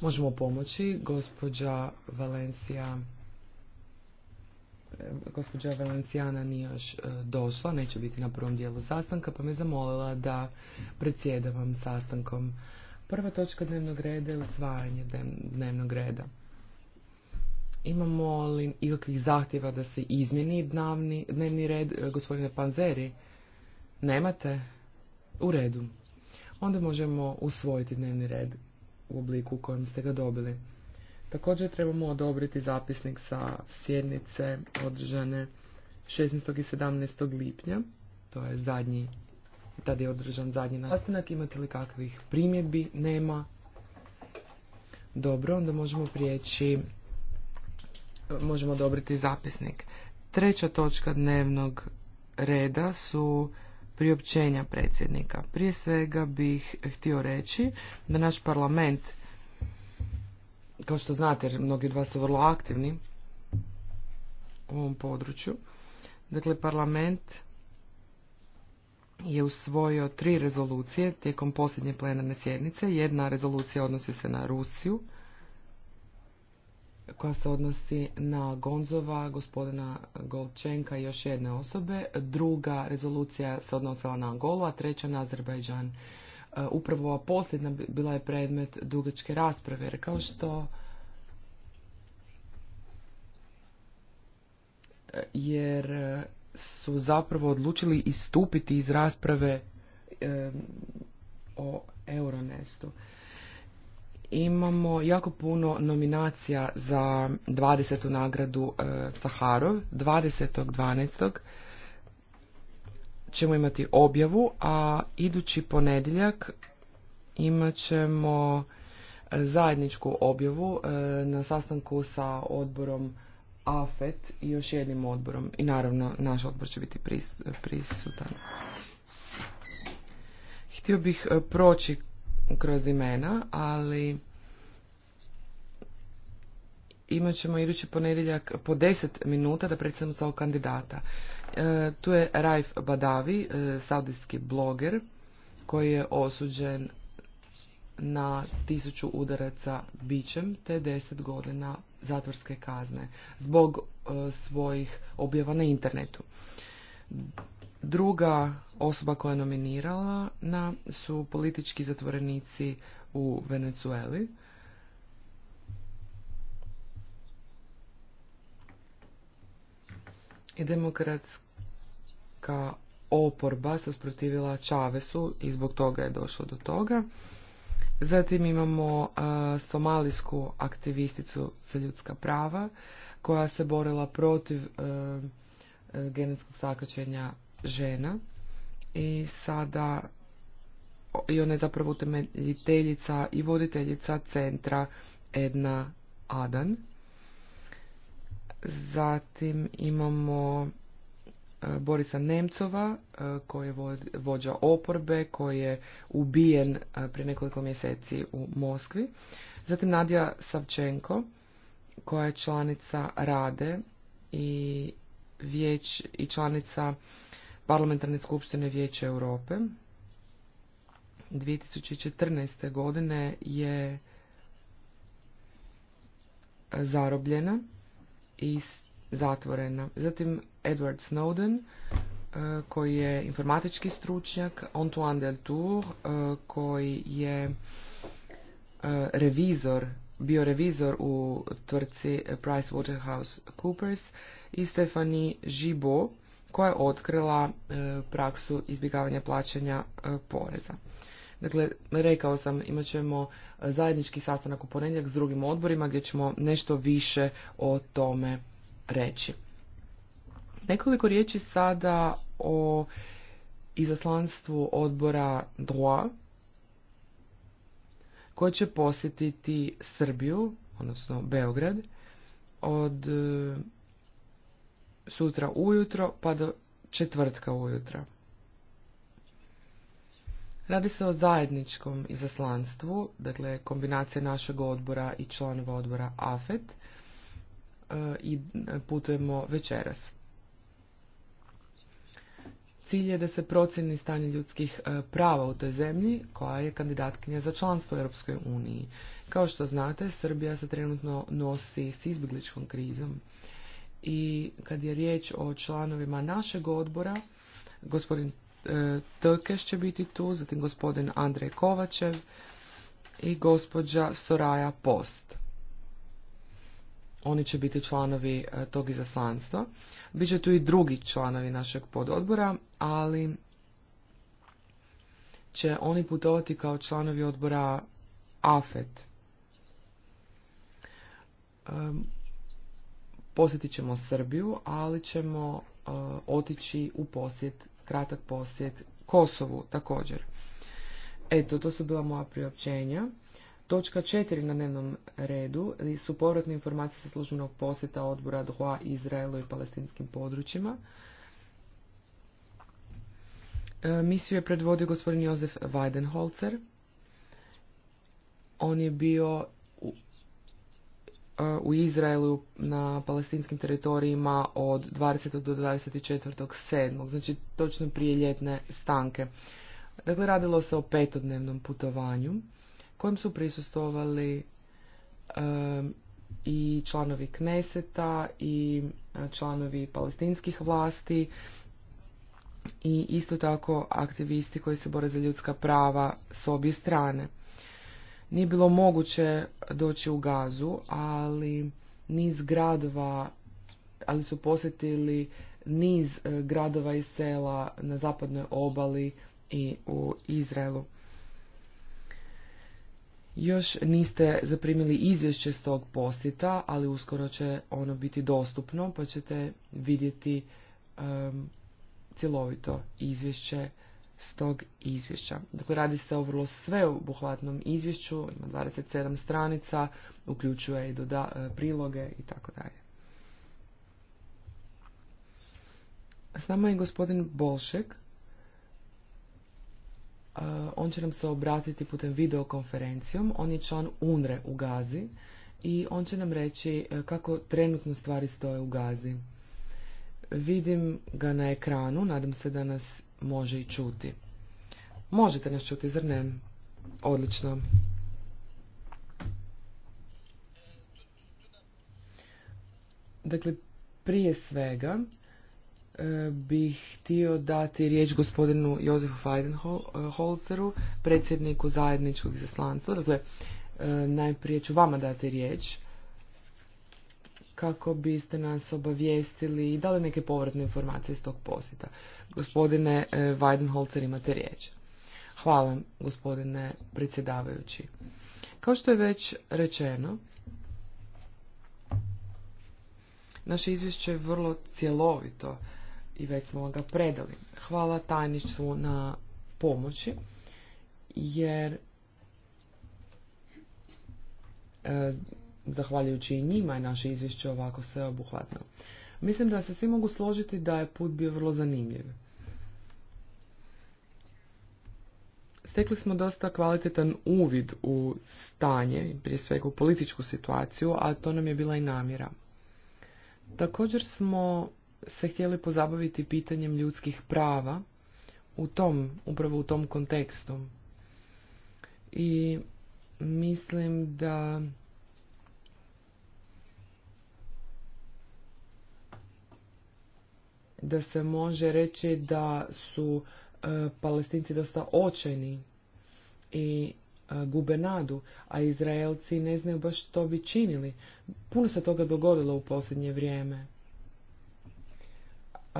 Možemo pomoći. Gospođa Valencija eh, gospođa Valencijana nije još eh, došla, neće biti na prvom dijelu sastanka, pa me zamolila da predsjedavam sastankom. Prva točka dnevnog reda je usvajanje dnevnog reda. Imamo li ikakvih zahtjeva da se izmjeni dnevni, dnevni red eh, gospodine Panzeri? Nemate? U redu onda možemo usvojiti dnevni red u obliku u kojem ste ga dobili. Također trebamo odobriti zapisnik sa sjednice održane 16. i 17. lipnja, to je zadnji, tada je održan zadnji nastanak, imate li kakvih primjedbi? Nema. Dobro, onda možemo prijeći, možemo odobriti zapisnik. Treća točka dnevnog reda su priopćenja predsjednika. Prije svega bih htio reći da naš parlament, kao što znate jer mnogi od vas su vrlo aktivni u ovom području, dakle parlament je usvojio tri rezolucije tijekom posljednje plenarne sjednice. Jedna rezolucija odnosi se na Rusiju, koja se odnosi na Gonzova, gospodina Golčenka i još jedne osobe. Druga rezolucija se odnosila na Angolu, a treća na Azerbajdžan. E, upravo ova posljedna bila je predmet dugačke rasprave, jer kao što e, jer e, su zapravo odlučili istupiti iz rasprave o Euronestu imamo jako puno nominacija za 20. nagradu e, Saharov. 20.12. ćemo imati objavu, a idući ponedjeljak imat ćemo e, zajedničku objavu e, na sastanku sa odborom AFET i još jednim odborom. I naravno, naš odbor će biti prisutan. Htio bih e, proći kroz imena, ali imat ćemo idući ponedjeljak po deset minuta da predstavimo svog kandidata. E, tu je Raif Badavi, e, saudijski bloger, koji je osuđen na tisuću udaraca bićem te deset godina zatvorske kazne zbog e, svojih objava na internetu. Druga osoba koja je nominirala na su politički zatvorenici u Venezueli. I demokratska oporba se usprotivila Čavesu i zbog toga je došlo do toga. Zatim imamo uh, somalijsku aktivisticu za ljudska prava koja se borila protiv e, e, genetskog sakačenja žena i sada i ona je zapravo utemeljiteljica i voditeljica centra Edna Adan. Zatim imamo e, Borisa Nemcova e, koji je vođa oporbe, koji je ubijen e, prije nekoliko mjeseci u Moskvi. Zatim Nadija Savčenko koja je članica Rade i vijeć i članica Parlamentarne skupštine Vijeća Europe. 2014. godine je zarobljena i zatvorena. Zatim Edward Snowden, e, koji je informatički stručnjak, Antoine Deltour, e, koji je e, revizor, bio revizor u tvrci PricewaterhouseCoopers i Stefani Gibault, koja je otkrila e, praksu izbjegavanja plaćanja e, poreza. Dakle, rekao sam, imat ćemo e, zajednički sastanak u ponedjeljak s drugim odborima gdje ćemo nešto više o tome reći. Nekoliko riječi sada o izaslanstvu odbora DROA koje će posjetiti Srbiju, odnosno Beograd, od sutra ujutro pa do četvrtka ujutra. Radi se o zajedničkom izaslanstvu, dakle kombinacija našeg odbora i članova odbora AFET e, i putujemo večeras. Cilj je da se procjeni stanje ljudskih e, prava u toj zemlji koja je kandidatkinja za članstvo u Europskoj uniji. Kao što znate, Srbija se trenutno nosi s izbjegličkom krizom i kad je riječ o članovima našeg odbora, gospodin e, će biti tu, zatim gospodin Andrej Kovačev i gospođa Soraja Post. Oni će biti članovi e, tog izaslanstva. Biće tu i drugi članovi našeg pododbora, ali će oni putovati kao članovi odbora AFET. Posjetit ćemo Srbiju, ali ćemo e, otići u posjet, kratak posjet Kosovu također. Eto, to su bila moja priopćenja. Točka četiri na dnevnom redu su povratne informacije sa službenog posjeta odbora Doha Izraelu i palestinskim područjima. E, misiju je predvodio gospodin Jozef Weidenholzer. On je bio E, u Izraelu na palestinskim teritorijima od 20. do 24. sedmog, znači točno prije ljetne stanke. Dakle, radilo se o petodnevnom putovanju kojem su prisustovali e, i članovi Kneseta i e, članovi palestinskih vlasti i isto tako aktivisti koji se bore za ljudska prava s obje strane. Nije bilo moguće doći u gazu, ali niz gradova, ali su posjetili niz e, gradova i sela na zapadnoj obali i u Izraelu. Još niste zaprimili izvješće s tog posjeta, ali uskoro će ono biti dostupno, pa ćete vidjeti um, cjelovito izvješće s tog izvješća. Dakle, radi se o vrlo sveobuhvatnom izvješću, ima 27 stranica, uključuje i doda, e, priloge i tako dalje. S nama je gospodin Bolšek. E, on će nam se obratiti putem videokonferencijom. On je član UNRE u Gazi i on će nam reći e, kako trenutno stvari stoje u Gazi. Vidim ga na ekranu, nadam se da nas može i čuti. Možete nas čuti, zar ne? Odlično. Dakle, prije svega e, bih htio dati riječ gospodinu Jozefu Feidenholzeru, predsjedniku zajedničkog izaslanstva. Dakle, e, najprije ću vama dati riječ kako biste nas obavijestili i dali neke povratne informacije iz tog posjeta. Gospodine eh, Weidenholzer, imate riječ. Hvala, gospodine predsjedavajući. Kao što je već rečeno, naše izvješće je vrlo cjelovito i već smo ga predali. Hvala tajništvu na pomoći, jer eh, zahvaljujući i njima je naše izvješće ovako sve obuhvatno. Mislim da se svi mogu složiti da je put bio vrlo zanimljiv. Stekli smo dosta kvalitetan uvid u stanje, prije svega u političku situaciju, a to nam je bila i namjera. Također smo se htjeli pozabaviti pitanjem ljudskih prava u tom, upravo u tom kontekstu. I mislim da da se može reći da su e, palestinci dosta očajni i e, gube nadu, a Izraelci ne znaju baš što bi činili. Puno se toga dogodilo u posljednje vrijeme. E,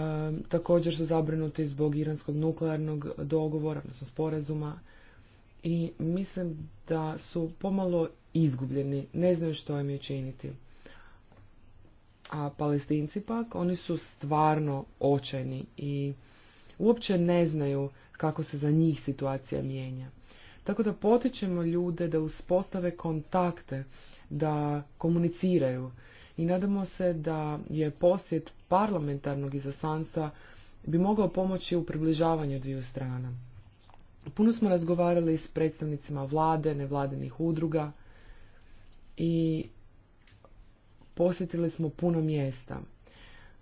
također su zabrinuti zbog iranskog nuklearnog dogovora, odnosno sporazuma. I mislim da su pomalo izgubljeni, ne znaju što im je činiti. A palestinci pak, oni su stvarno očajni i uopće ne znaju kako se za njih situacija mijenja. Tako da potičemo ljude da uspostave kontakte, da komuniciraju i nadamo se da je posjet parlamentarnog izasanstva bi mogao pomoći u približavanju dviju strana. Puno smo razgovarali s predstavnicima vlade, nevladinih udruga i posjetili smo puno mjesta.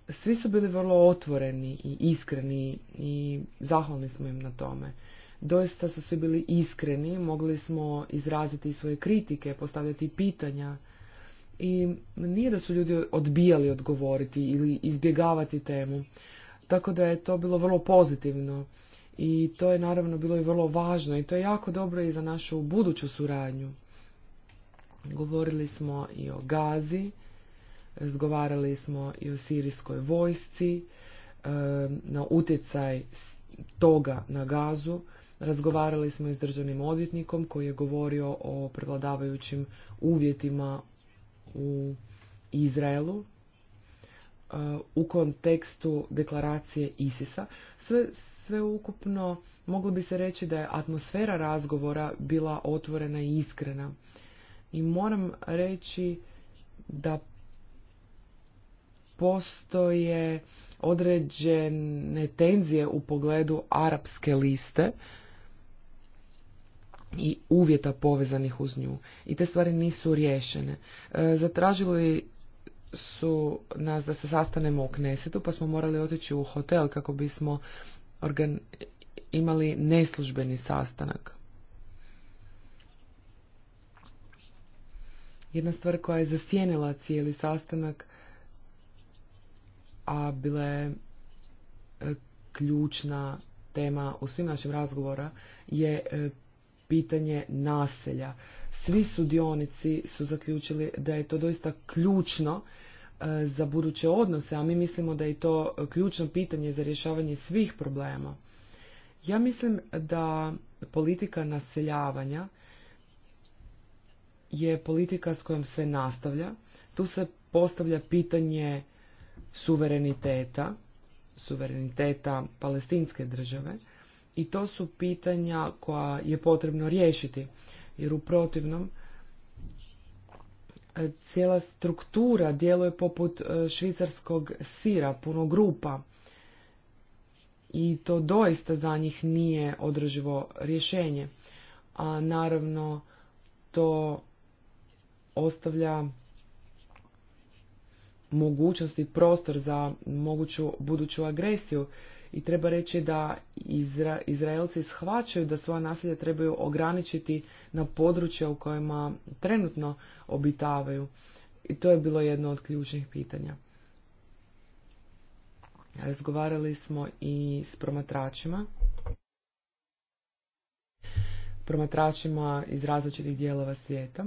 Svi su bili vrlo otvoreni i iskreni i zahvalni smo im na tome. Doista su svi bili iskreni, mogli smo izraziti svoje kritike, postavljati pitanja i nije da su ljudi odbijali odgovoriti ili izbjegavati temu. Tako da je to bilo vrlo pozitivno i to je naravno bilo i vrlo važno i to je jako dobro i za našu buduću suradnju. Govorili smo i o Gazi razgovarali smo i o sirijskoj vojsci, e, na utjecaj toga na gazu, razgovarali smo i s državnim odvjetnikom koji je govorio o prevladavajućim uvjetima u Izraelu e, u kontekstu deklaracije Isisa. a Sve, ukupno moglo bi se reći da je atmosfera razgovora bila otvorena i iskrena. I moram reći da postoje određene tenzije u pogledu arapske liste i uvjeta povezanih uz nju. I te stvari nisu riješene. E, zatražili su nas da se sastanemo u Knesetu, pa smo morali otići u hotel kako bismo imali neslužbeni sastanak. Jedna stvar koja je zasjenila cijeli sastanak a bila je e, ključna tema u svim našim razgovora je e, pitanje naselja. Svi sudionici su zaključili da je to doista ključno e, za buduće odnose, a mi mislimo da je to ključno pitanje za rješavanje svih problema. Ja mislim da politika naseljavanja je politika s kojom se nastavlja. Tu se postavlja pitanje suvereniteta, suvereniteta palestinske države i to su pitanja koja je potrebno riješiti jer u protivnom e, cijela struktura djeluje poput e, švicarskog sira, puno grupa i to doista za njih nije održivo rješenje. A naravno to ostavlja mogućnost i prostor za moguću buduću agresiju i treba reći da Izraelci shvaćaju da svoja nasilja trebaju ograničiti na područja u kojima trenutno obitavaju. I to je bilo jedno od ključnih pitanja. Razgovarali smo i s promatračima. Promatračima iz različitih dijelova svijeta.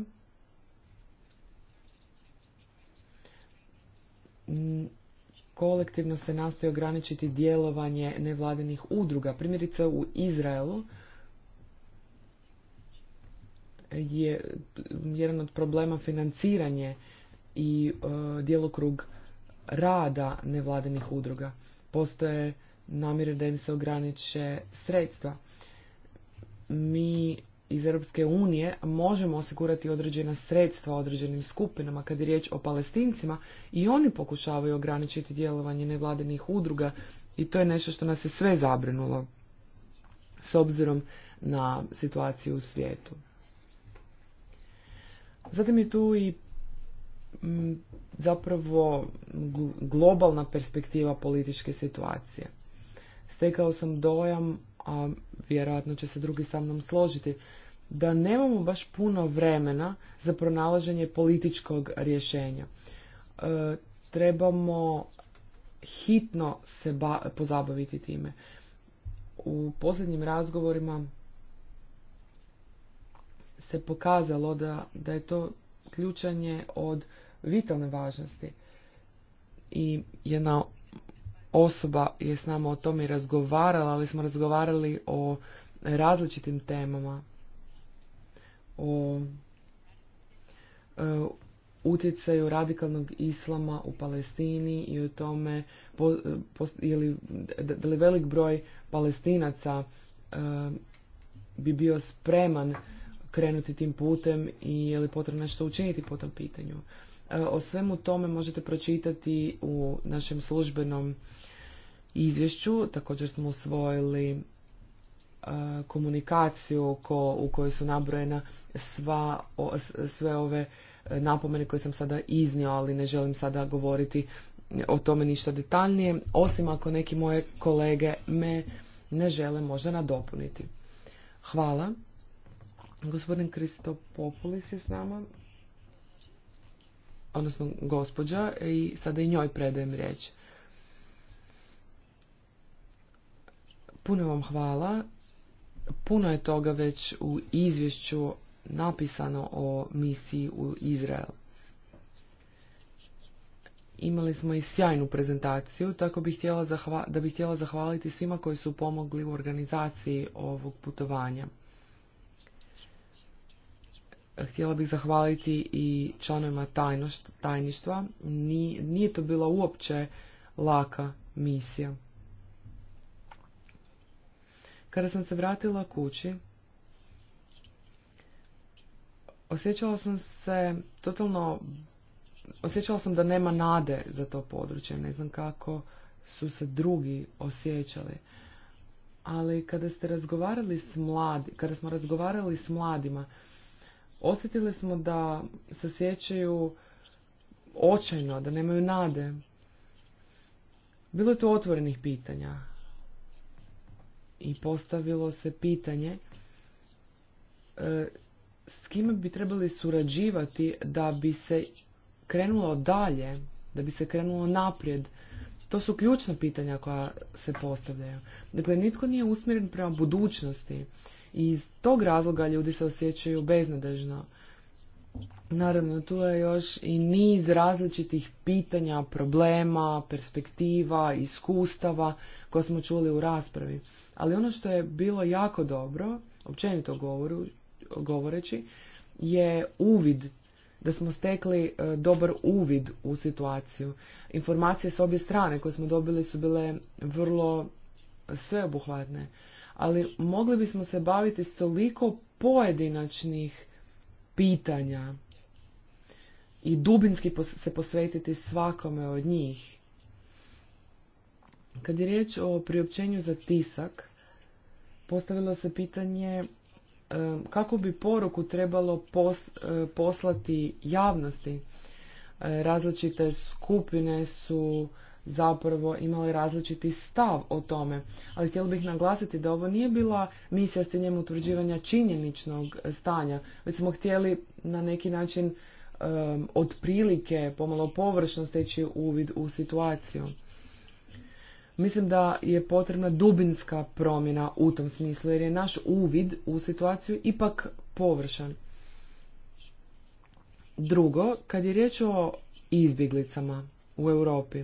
kolektivno se nastoji ograničiti djelovanje nevladinih udruga. Primjerice u Izraelu je jedan od problema financiranje i e, djelokrug rada nevladinih udruga. Postoje namjere da im se ograniče sredstva. Mi iz Europske unije možemo osigurati određena sredstva određenim skupinama kad je riječ o palestincima i oni pokušavaju ograničiti djelovanje nevladinih udruga i to je nešto što nas je sve zabrinulo s obzirom na situaciju u svijetu. Zatim je tu i mm, zapravo globalna perspektiva političke situacije. Stekao sam dojam a vjerojatno će se drugi sa mnom složiti, da nemamo baš puno vremena za pronalaženje političkog rješenja. E, trebamo hitno se pozabaviti time. U posljednjim razgovorima se pokazalo da, da je to ključanje od vitalne važnosti i jedna osoba je s nama o tome razgovarala, ali smo razgovarali o različitim temama, o e, utjecaju radikalnog islama u Palestini i o tome po, e, da li velik broj palestinaca e, bi bio spreman krenuti tim putem i je li potrebno nešto učiniti po tom pitanju. E, o svemu tome možete pročitati u našem službenom izvješću. Također smo usvojili e, komunikaciju u kojoj su nabrojena sva, sve ove e, napomene koje sam sada iznio, ali ne želim sada govoriti o tome ništa detaljnije, osim ako neki moje kolege me ne žele možda nadopuniti. Hvala. Gospodin Kristo Populis je s nama odnosno gospođa, i sada i njoj predajem riječ. Puno vam hvala. Puno je toga već u izvješću napisano o misiji u Izrael. Imali smo i sjajnu prezentaciju, tako bih htjela da bih htjela zahvaliti svima koji su pomogli u organizaciji ovog putovanja. Htjela bih zahvaliti i članovima tajništva. Nije to bila uopće laka misija. Kada sam se vratila kući, osjećala sam se totalno... Osjećala sam da nema nade za to područje. Ne znam kako su se drugi osjećali. Ali kada ste razgovarali s mladi, kada smo razgovarali s mladima, osjetili smo da se sjećaju očajno, da nemaju nade. Bilo je tu otvorenih pitanja i postavilo se pitanje e, s kime bi trebali surađivati da bi se krenulo dalje, da bi se krenulo naprijed. To su ključna pitanja koja se postavljaju. Dakle, nitko nije usmjeren prema budućnosti. I iz tog razloga ljudi se osjećaju beznadežno. Naravno, tu je još i niz različitih pitanja, problema, perspektiva, iskustava koje smo čuli u raspravi. Ali ono što je bilo jako dobro, općenito govoreći, je uvid, da smo stekli e, dobar uvid u situaciju. Informacije s obje strane koje smo dobili su bile vrlo sveobuhvatne ali mogli bismo se baviti s toliko pojedinačnih pitanja i dubinski se posvetiti svakome od njih. Kad je riječ o priopćenju za tisak, postavilo se pitanje e, kako bi poruku trebalo e, poslati javnosti. E, različite skupine su zapravo imali različiti stav o tome. Ali htjela bih naglasiti da ovo nije bila misija s ciljem utvrđivanja činjeničnog stanja, već smo htjeli na neki način um, otprilike pomalo površno steći uvid u situaciju. Mislim da je potrebna dubinska promjena u tom smislu, jer je naš uvid u situaciju ipak površan. Drugo, kad je riječ o izbjeglicama u Europi,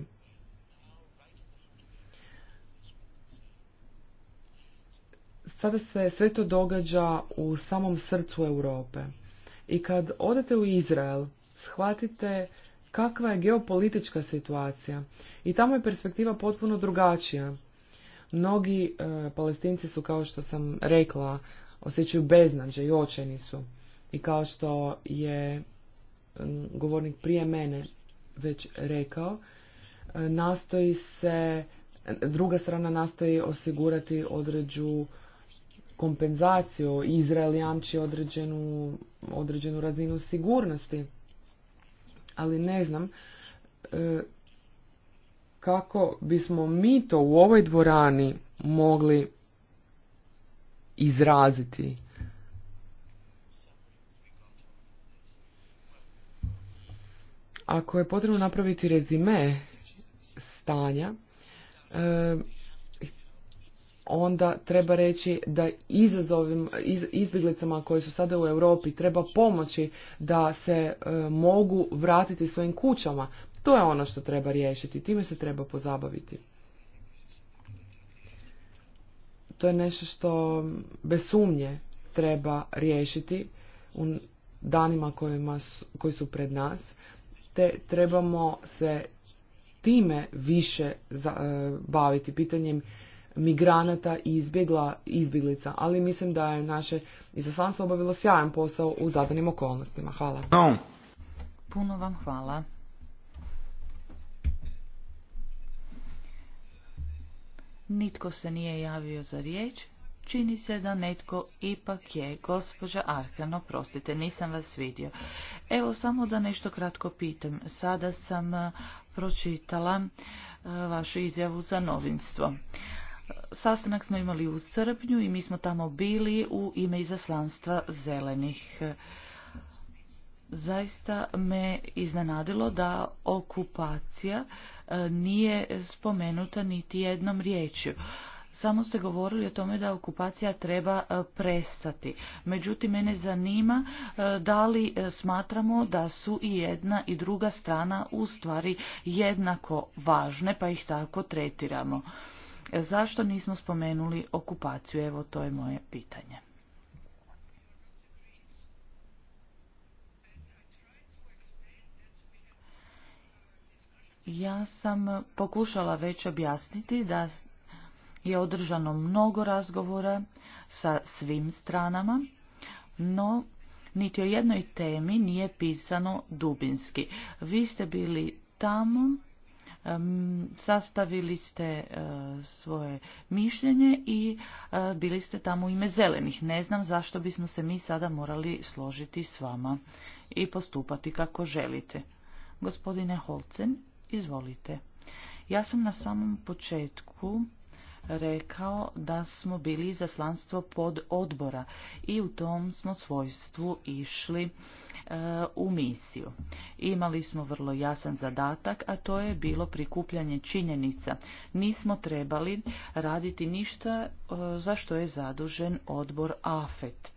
Sada se sve to događa u samom srcu Europe. I kad odete u Izrael, shvatite kakva je geopolitička situacija. I tamo je perspektiva potpuno drugačija. Mnogi e, palestinci su, kao što sam rekla, osjećaju beznađe i očajni su. I kao što je govornik prije mene već rekao, e, nastoji se, druga strana nastoji osigurati određu kompenzaciju. Izrael jamči određenu, određenu razinu sigurnosti. Ali ne znam e, kako bismo mi to u ovoj dvorani mogli izraziti. Ako je potrebno napraviti rezime stanja, e, onda treba reći da izazovim iz, izbjeglicama koje su sada u Europi treba pomoći da se e, mogu vratiti svojim kućama. To je ono što treba riješiti, time se treba pozabaviti. To je nešto što bez sumnje treba riješiti u danima kojima koji su pred nas, te trebamo se time više e, baviti pitanjem migranata i izbjegla, izbjeglica, ali mislim da je naše izaslanstvo obavilo sjajan posao u zadanim okolnostima. Hvala. No. Puno vam hvala. Nitko se nije javio za riječ. Čini se da netko ipak je. Gospođa Arkano, prostite, nisam vas vidio. Evo, samo da nešto kratko pitam. Sada sam eh, pročitala eh, vašu izjavu za novinstvo. Sastanak smo imali u srpnju i mi smo tamo bili u ime izaslanstva zelenih. Zaista me iznenadilo da okupacija e, nije spomenuta niti jednom riječju. Samo ste govorili o tome da okupacija treba e, prestati. Međutim, mene zanima e, da li smatramo da su i jedna i druga strana u stvari jednako važne, pa ih tako tretiramo. Zašto nismo spomenuli okupaciju? Evo, to je moje pitanje. Ja sam pokušala već objasniti da je održano mnogo razgovora sa svim stranama, no niti o jednoj temi nije pisano dubinski. Vi ste bili tamo sastavili ste e, svoje mišljenje i e, bili ste tamo u ime zelenih. Ne znam zašto bismo se mi sada morali složiti s vama i postupati kako želite. Gospodine Holcen, izvolite. Ja sam na samom početku rekao da smo bili izaslanstvo pod odbora i u tom smo svojstvu išli e, u misiju. Imali smo vrlo jasan zadatak, a to je bilo prikupljanje činjenica. Nismo trebali raditi ništa e, za što je zadužen odbor AFET.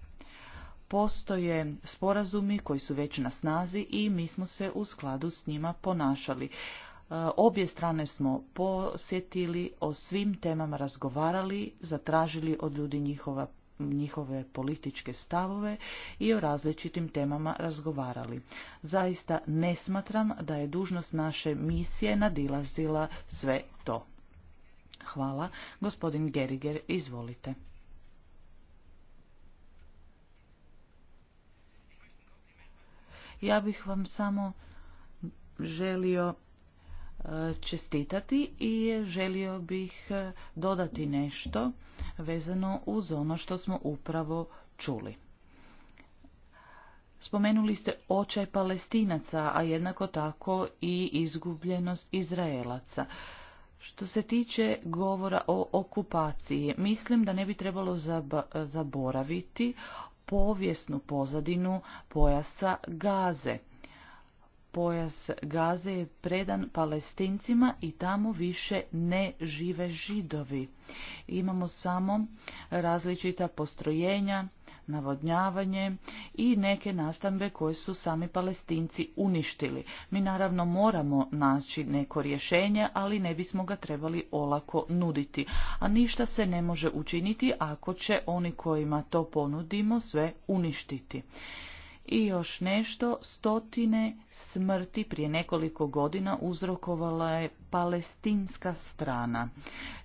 Postoje sporazumi koji su već na snazi i mi smo se u skladu s njima ponašali. E, obje strane smo posjetili, o svim temama razgovarali, zatražili od ljudi njihova njihove političke stavove i o različitim temama razgovarali. Zaista ne smatram da je dužnost naše misije nadilazila sve to. Hvala. Gospodin Geriger, izvolite. Ja bih vam samo želio čestitati i želio bih e, dodati nešto vezano uz ono što smo upravo čuli. Spomenuli ste očaj palestinaca, a jednako tako i izgubljenost Izraelaca. Što se tiče govora o okupaciji, mislim da ne bi trebalo zaboraviti povijesnu pozadinu pojasa Gaze pojas Gaze je predan palestincima i tamo više ne žive židovi. Imamo samo različita postrojenja, navodnjavanje i neke nastambe koje su sami palestinci uništili. Mi naravno moramo naći neko rješenje, ali ne bismo ga trebali olako nuditi. A ništa se ne može učiniti ako će oni kojima to ponudimo sve uništiti. I još nešto, stotine smrti prije nekoliko godina uzrokovala je palestinska strana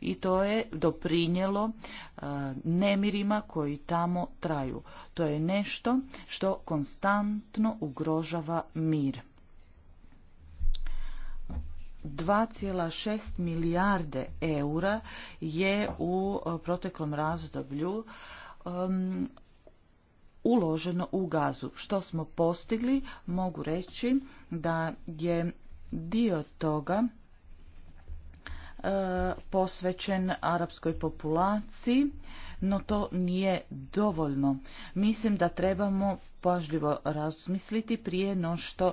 i to je doprinjelo e, nemirima koji tamo traju. To je nešto što konstantno ugrožava mir. 2,6 milijarde eura je u e, proteklom razdoblju uloženo u gazu. Što smo postigli, mogu reći da je dio toga e, posvećen arapskoj populaciji, no to nije dovoljno. Mislim da trebamo pažljivo razmisliti prije no što e,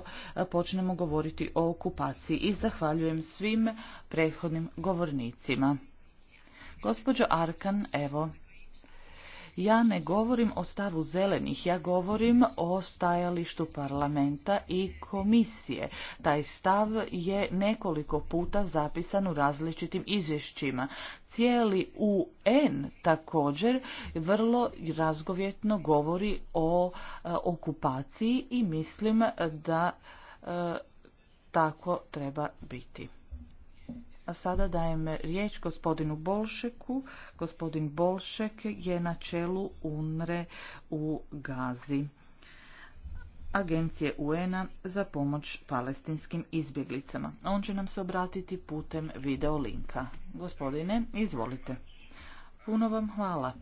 počnemo govoriti o okupaciji i zahvaljujem svim prethodnim govornicima. Gospođo Arkan, evo, ja ne govorim o stavu zelenih, ja govorim o stajalištu parlamenta i komisije. Taj stav je nekoliko puta zapisan u različitim izvješćima. Cijeli UN također vrlo razgovjetno govori o e, okupaciji i mislim da e, tako treba biti sada dajem riječ gospodinu Bolšeku. Gospodin Bolšek je na čelu UNRE u Gazi. Agencije UN-a za pomoć palestinskim izbjeglicama. On će nam se obratiti putem video linka. Gospodine, izvolite. Puno vam hvala.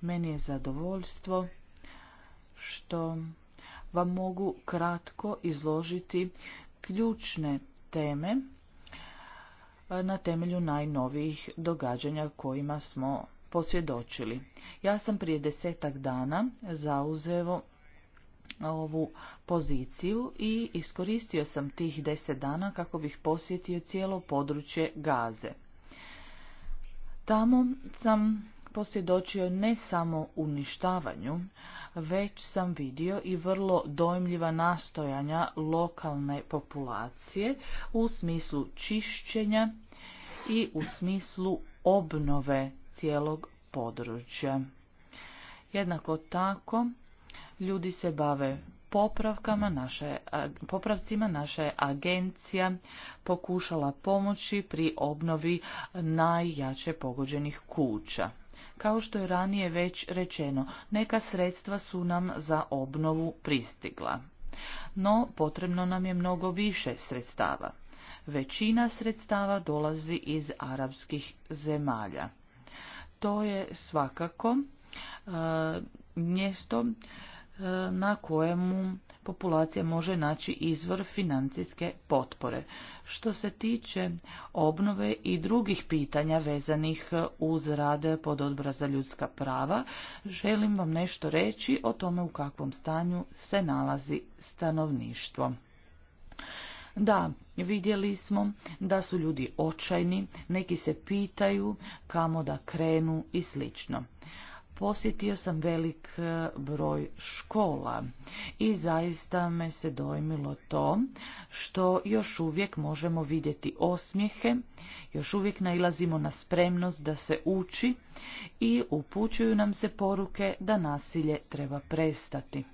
Meni je zadovoljstvo što vam mogu kratko izložiti ključne teme na temelju najnovijih događanja kojima smo posvjedočili. Ja sam prije desetak dana zauzeo ovu poziciju i iskoristio sam tih deset dana kako bih posjetio cijelo područje Gaze. Tamo sam posvjedočio ne samo uništavanju, već sam vidio i vrlo dojmljiva nastojanja lokalne populacije u smislu čišćenja i u smislu obnove cijelog područja. Jednako tako ljudi se bave popravkama naše, popravcima naša je agencija pokušala pomoći pri obnovi najjače pogođenih kuća. Kao što je ranije već rečeno, neka sredstva su nam za obnovu pristigla. No, potrebno nam je mnogo više sredstava. Većina sredstava dolazi iz arapskih zemalja. To je svakako e, mjesto E, na kojemu populacija može naći izvor financijske potpore. Što se tiče obnove i drugih pitanja vezanih e, uz rade pod odbora za ljudska prava, želim vam nešto reći o tome u kakvom stanju se nalazi stanovništvo. Da, vidjeli smo da su ljudi očajni, neki se pitaju kamo da krenu i slično. Posjetio sam velik e, broj škola i zaista me se dojmilo to što još uvijek možemo vidjeti osmijehe, još uvijek nailazimo na spremnost da se uči i upućuju nam se poruke da nasilje treba prestati.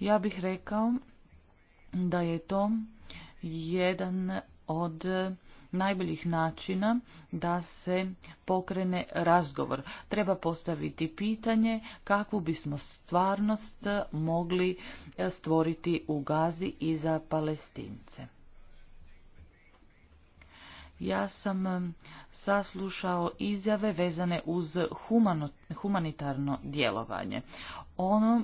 Ja bih rekao da je to jedan od najboljih načina da se pokrene razgovor. Treba postaviti pitanje kakvu bismo stvarnost mogli e, stvoriti u Gazi i za Palestince. Ja sam e, saslušao izjave vezane uz humanitarno djelovanje. Ono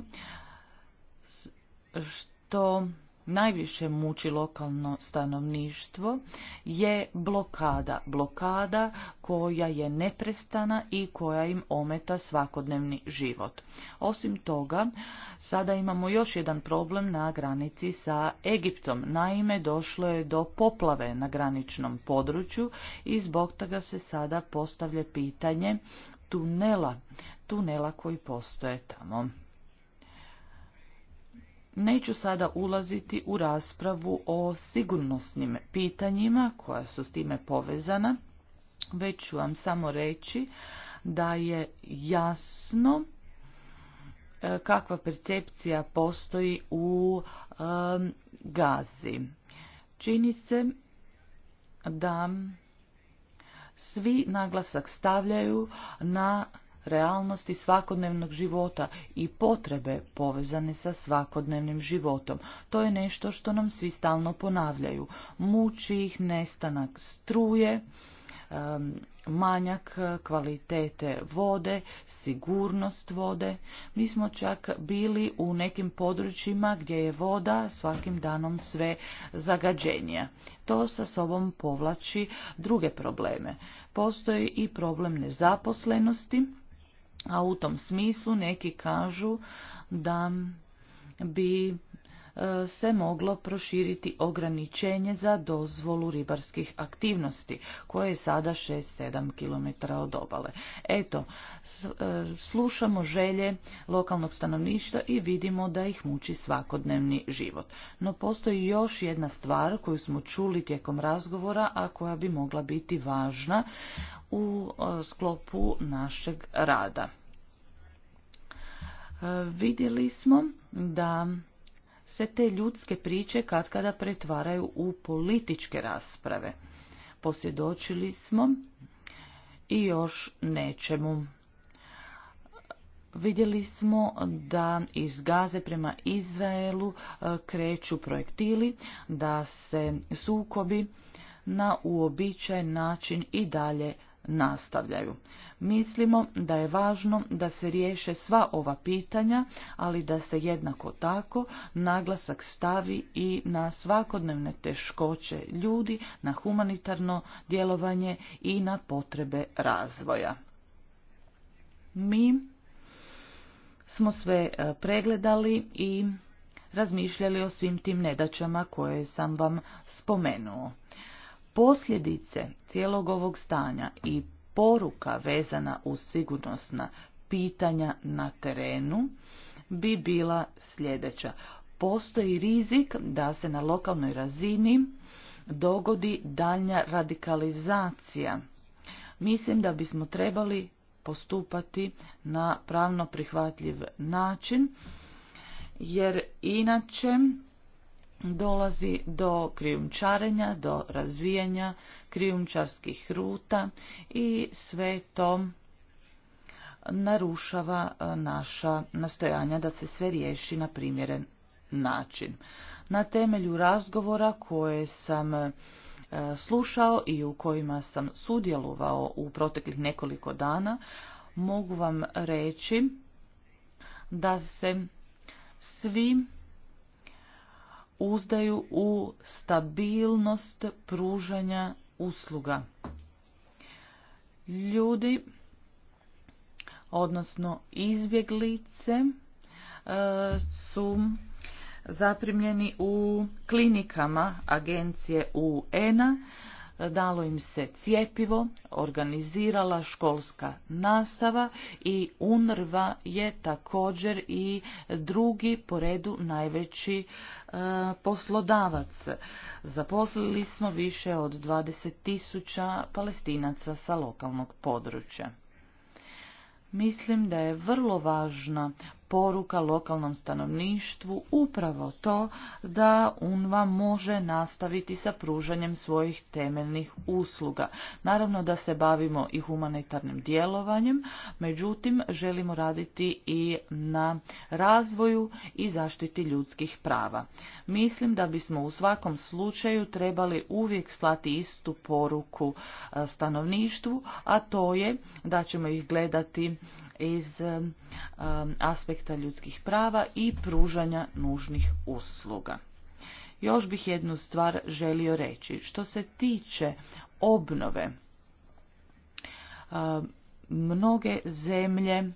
što najviše muči lokalno stanovništvo je blokada. Blokada koja je neprestana i koja im ometa svakodnevni život. Osim toga, sada imamo još jedan problem na granici sa Egiptom. Naime, došlo je do poplave na graničnom području i zbog toga se sada postavlja pitanje tunela, tunela koji postoje tamo. Neću sada ulaziti u raspravu o sigurnosnim pitanjima koja su s time povezana, već ću vam samo reći da je jasno e, kakva percepcija postoji u Gazi. Čini se da svi naglasak stavljaju na realnosti svakodnevnog života i potrebe povezane sa svakodnevnim životom. To je nešto što nam svi stalno ponavljaju. Muči ih nestanak struje, manjak kvalitete vode, sigurnost vode. Mi smo čak bili u nekim područjima gdje je voda svakim danom sve zagađenija. To sa sobom povlači druge probleme. Postoji i problem nezaposlenosti a u tom smislu neki kažu da bi E, se moglo proširiti ograničenje za dozvolu ribarskih aktivnosti, koje je sada 6-7 km od obale. Eto, e, slušamo želje lokalnog stanovništva i vidimo da ih muči svakodnevni život. No postoji još jedna stvar koju smo čuli tijekom razgovora, a koja bi mogla biti važna u e, sklopu našeg rada. Vidjeli smo da se te ljudske priče katkada pretvaraju u političke rasprave. Posvjedočili smo i još nečemu. Vidjeli smo da iz Gaze prema Izraelu e, kreću projektili, da se sukobi na uobičajen način i dalje nastavljaju. Mislimo da je važno da se riješe sva ova pitanja, ali da se jednako tako naglasak stavi i na svakodnevne teškoće ljudi, na humanitarno djelovanje i na potrebe razvoja. Mi smo sve e, pregledali i razmišljali o svim tim nedaćama koje sam vam spomenuo. Posljedice cijelog ovog stanja i poruka vezana u sigurnosna pitanja na terenu bi bila sljedeća. Postoji rizik da se na lokalnoj razini dogodi daljnja radikalizacija. Mislim da bismo trebali postupati na pravno prihvatljiv način, jer inače dolazi do krijumčarenja, do razvijanja krijumčarskih ruta i sve to narušava e, naša nastojanja da se sve riješi na primjeren način. Na temelju razgovora koje sam e, slušao i u kojima sam sudjelovao u proteklih nekoliko dana, mogu vam reći da se svi uzdaju u stabilnost pružanja usluga. Ljudi, odnosno izbjeglice, e, su zaprimljeni u klinikama agencije UN-a dalo im se cijepivo, organizirala školska nastava i UNRVA je također i drugi po redu najveći e, poslodavac. Zaposlili smo više od 20.000 palestinaca sa lokalnog područja. Mislim da je vrlo važna poruka lokalnom stanovništvu upravo to da UNVA može nastaviti sa pružanjem svojih temeljnih usluga. Naravno da se bavimo i humanitarnim djelovanjem, međutim želimo raditi i na razvoju i zaštiti ljudskih prava. Mislim da bismo u svakom slučaju trebali uvijek slati istu poruku e, stanovništvu, a to je da ćemo ih gledati iz aspekta ljudskih prava i pružanja nužnih usluga. Još bih jednu stvar želio reći. Što se tiče obnove, mnoge zemlje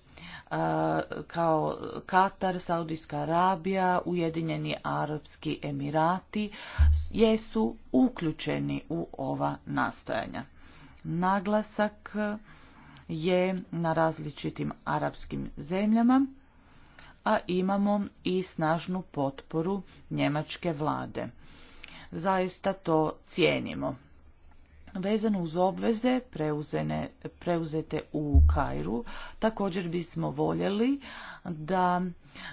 kao Katar, Saudijska Arabija, Ujedinjeni Arabski Emirati jesu uključeni u ova nastojanja. Naglasak je na različitim arapskim zemljama, a imamo i snažnu potporu njemačke vlade. Zaista to cijenimo. Vezano uz obveze preuzene, preuzete u Kairu, također bismo voljeli da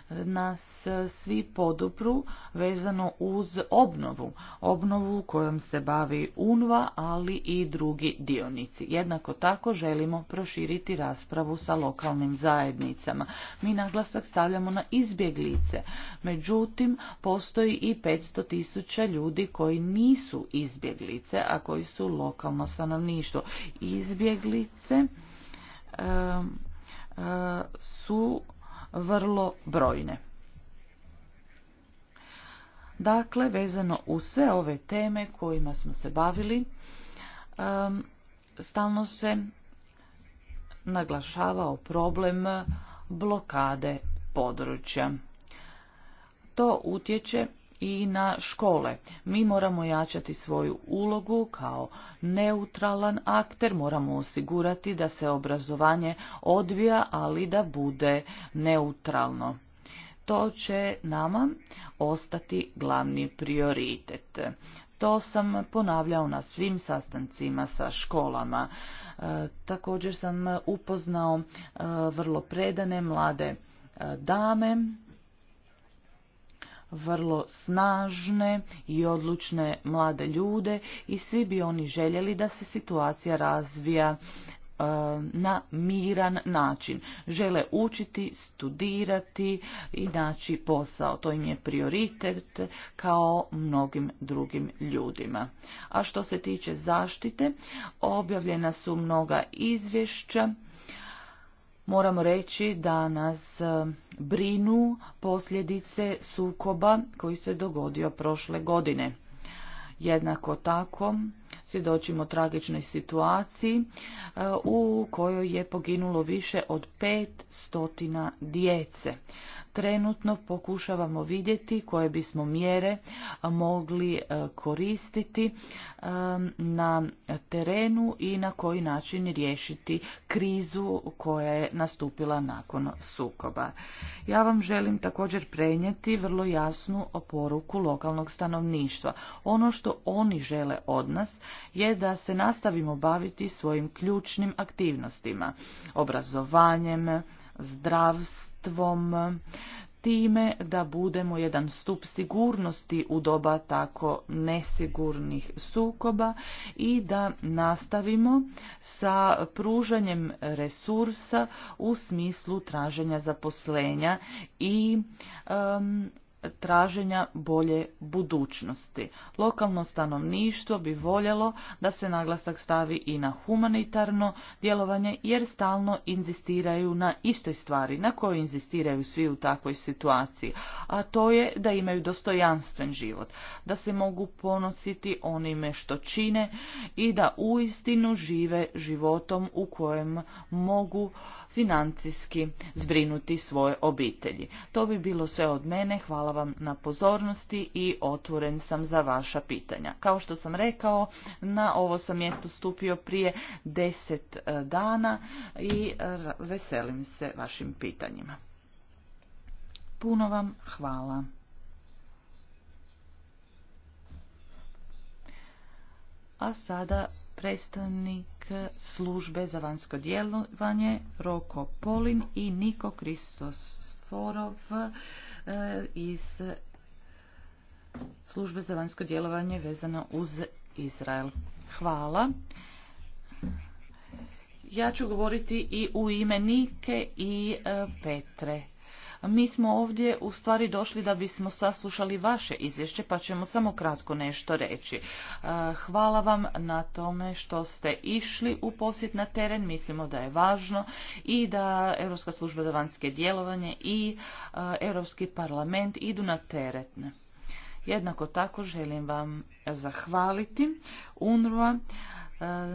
nas svi podupru vezano uz obnovu. Obnovu kojom se bavi UNVA, ali i drugi dionici. Jednako tako želimo proširiti raspravu sa lokalnim zajednicama. Mi naglasak stavljamo na izbjeglice. Međutim, postoji i 500 tisuća ljudi koji nisu izbjeglice, a koji su lokalno stanovništvo. Izbjeglice su vrlo brojne. Dakle, vezano u sve ove teme kojima smo se bavili, stalno se naglašavao problem blokade područja. To utječe i na škole. Mi moramo jačati svoju ulogu kao neutralan akter, moramo osigurati da se obrazovanje odvija, ali da bude neutralno. To će nama ostati glavni prioritet. To sam ponavljao na svim sastancima sa školama. E, također sam upoznao e, vrlo predane mlade e, dame vrlo snažne i odlučne mlade ljude i svi bi oni željeli da se situacija razvija e, na miran način. Žele učiti, studirati i naći posao. To im je prioritet kao mnogim drugim ljudima. A što se tiče zaštite, objavljena su mnoga izvješća Moramo reći da nas e, brinu posljedice sukoba koji se dogodio prošle godine. Jednako tako svjedočimo tragičnoj situaciji e, u kojoj je poginulo više od 500 djece. Trenutno pokušavamo vidjeti koje bismo mjere mogli e, koristiti e, na terenu i na koji način riješiti krizu koja je nastupila nakon sukoba. Ja vam želim također prenijeti vrlo jasnu poruku lokalnog stanovništva. Ono što oni žele od nas je da se nastavimo baviti svojim ključnim aktivnostima, obrazovanjem, zdravstvom, tvom time da budemo jedan stup sigurnosti u doba tako nesigurnih sukoba i da nastavimo sa pružanjem resursa u smislu traženja zaposlenja i traženja bolje budućnosti. Lokalno stanovništvo bi voljelo da se naglasak stavi i na humanitarno djelovanje jer stalno inzistiraju na istoj stvari na kojoj inzistiraju svi u takvoj situaciji, a to je da imaju dostojanstven život, da se mogu ponositi onime što čine i da uistinu žive životom u kojem mogu financijski zbrinuti svoje obitelji. To bi bilo sve od mene. Hvala vam na pozornosti i otvoren sam za vaša pitanja. Kao što sam rekao, na ovo sam mjesto stupio prije deset e, dana i e, veselim se vašim pitanjima. Puno vam hvala. A sada predstavnik službe za vanjsko djelovanje Roko Polin i Niko Kristos E, iz službe za vanjsko djelovanje vezano uz Izrael. Hvala. Ja ću govoriti i u ime Nike i e, Petre. Mi smo ovdje u stvari došli da bismo saslušali vaše izvješće, pa ćemo samo kratko nešto reći. E, hvala vam na tome što ste išli u posjet na teren. Mislimo da je važno i da Europska služba za vanjske djelovanje i e, Europski parlament idu na teretne. Jednako tako želim vam zahvaliti. UNRWA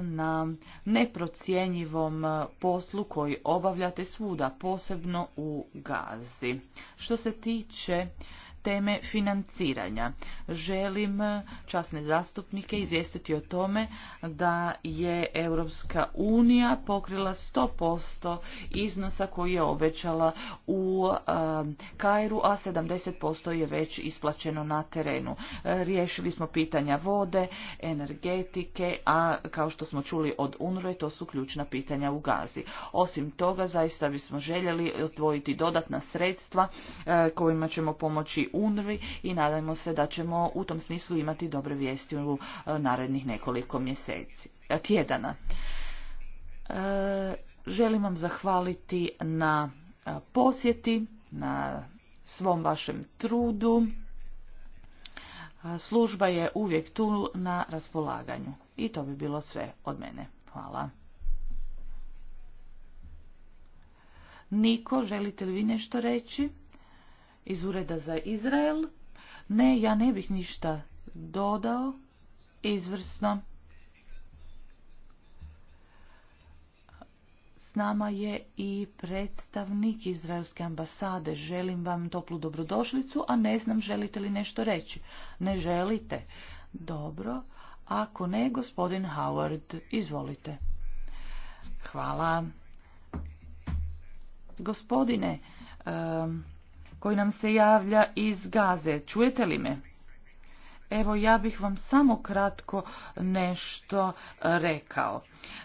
na neprocjenjivom poslu koji obavljate svuda, posebno u Gazi. Što se tiče teme financiranja. Želim časne zastupnike izvijestiti o tome da je Europska unija pokrila 100% iznosa koji je obećala u um, Kairu, a 70% je već isplaćeno na terenu. E, riješili smo pitanja vode, energetike, a kao što smo čuli od UNRWE, to su ključna pitanja u Gazi. Osim toga, zaista bismo željeli odvojiti dodatna sredstva e, kojima ćemo pomoći UNRI i nadajmo se da ćemo u tom smislu imati dobre vijesti u e, narednih nekoliko mjeseci, e, tjedana. E, želim vam zahvaliti na posjeti, na svom vašem trudu. Služba je uvijek tu na raspolaganju. I to bi bilo sve od mene. Hvala. Niko, želite li vi nešto reći? iz Ureda za Izrael. Ne, ja ne bih ništa dodao. Izvrsno. S nama je i predstavnik Izraelske ambasade. Želim vam toplu dobrodošlicu, a ne znam želite li nešto reći. Ne želite? Dobro. Ako ne, gospodin Howard, izvolite. Hvala. Gospodine, koji nam se javlja iz Gaze. Čujete li me? Evo ja bih vam samo kratko nešto e, rekao.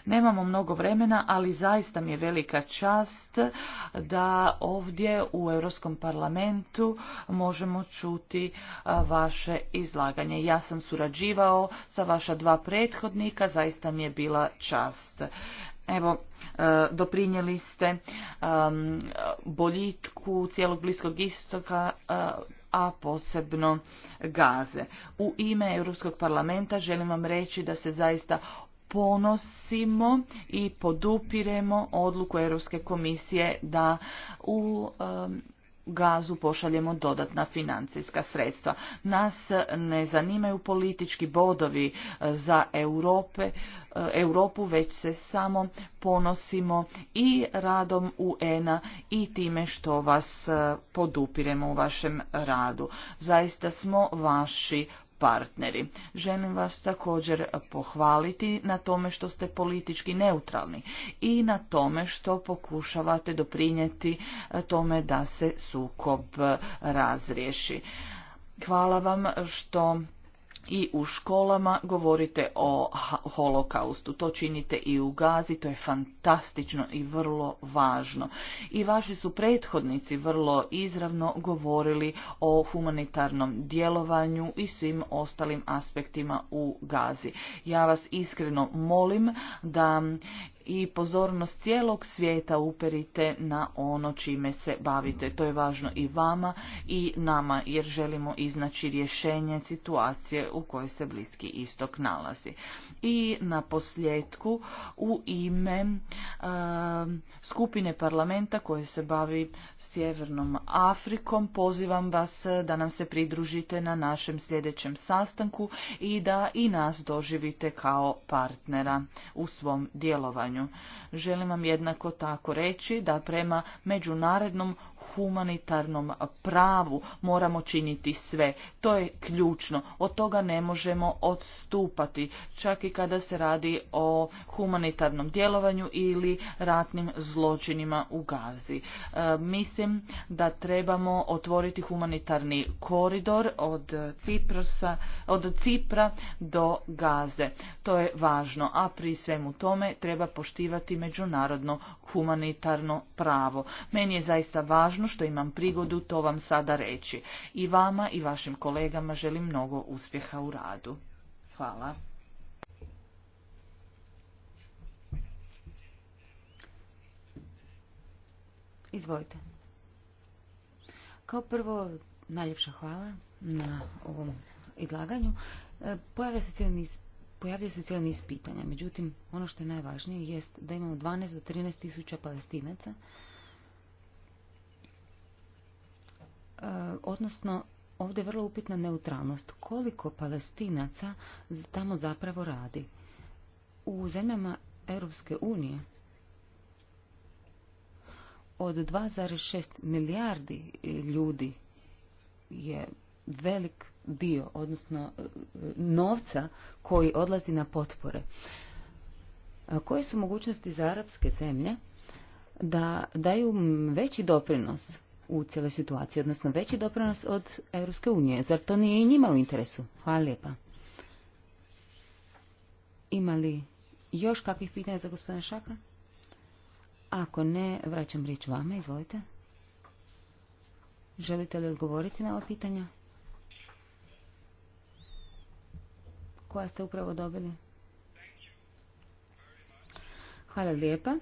Nemamo mnogo vremena, ali zaista mi je velika čast da ovdje u Europskom parlamentu možemo čuti e, vaše izlaganje. Ja sam surađivao sa vaša dva prethodnika, zaista mi je bila čast. Evo, e, doprinijeli ste boljitku cijelog Bliskog istoka, e, a posebno Gaze. U ime Europskog parlamenta želim vam reći da se zaista ponosimo i podupiremo odluku Europske komisije da u gazu pošaljemo dodatna financijska sredstva. Nas e, ne zanimaju politički bodovi e, za Europe, e, Europu, već se samo ponosimo i radom UN-a i time što vas podupiremo u vašem radu. Zaista smo vaši partneri. Želim vas također pohvaliti na tome što ste politički neutralni i na tome što pokušavate doprinijeti e, tome da se sukob e, razriješi. Hvala vam što i u školama govorite o holokaustu. To činite i u Gazi, to je fantastično i vrlo važno. I vaši su prethodnici vrlo izravno govorili o humanitarnom djelovanju i svim ostalim aspektima u Gazi. Ja vas iskreno molim da i pozornost cijelog svijeta uperite na ono čime se bavite. To je važno i vama i nama jer želimo iznaći rješenje situacije u kojoj se Bliski istok nalazi. I na posljedku u ime e, skupine parlamenta koje se bavi Sjevernom Afrikom pozivam vas da nam se pridružite na našem sljedećem sastanku i da i nas doživite kao partnera u svom djelovanju pitanju. Želim vam jednako tako reći da prema međunarodnom humanitarnom pravu moramo činiti sve. To je ključno. Od toga ne možemo odstupati, čak i kada se radi o humanitarnom djelovanju ili ratnim zločinima u Gazi. E, mislim da trebamo otvoriti humanitarni koridor od, Ciprosa, od Cipra do Gaze. To je važno, a pri svemu tome treba poštivati međunarodno humanitarno pravo. Meni je zaista važno važno što imam prigodu to vam sada reći. I vama i vašim kolegama želim mnogo uspjeha u radu. Hvala. Izvolite. Kao prvo, najljepša hvala na ovom izlaganju. E, pojavlja se cijeli niz se cijeli niz pitanja, međutim, ono što je najvažnije jest da imamo 12 do 13 tisuća palestinaca E, odnosno ovdje je vrlo upitna neutralnost. Koliko palestinaca tamo zapravo radi? U zemljama Europske unije od 2,6 milijardi e, ljudi je velik dio, odnosno e, novca koji odlazi na potpore. Koje su mogućnosti za arapske zemlje da daju veći doprinos u cijeloj situaciji, odnosno veći doprinos od Europske unije. Zar to nije i njima u interesu? Hvala lijepa. Ima li još kakvih pitanja za gospodina Šaka? Ako ne, vraćam riječ vama, izvolite. Želite li odgovoriti na ova pitanja? Koja ste upravo dobili? Hvala lijepa.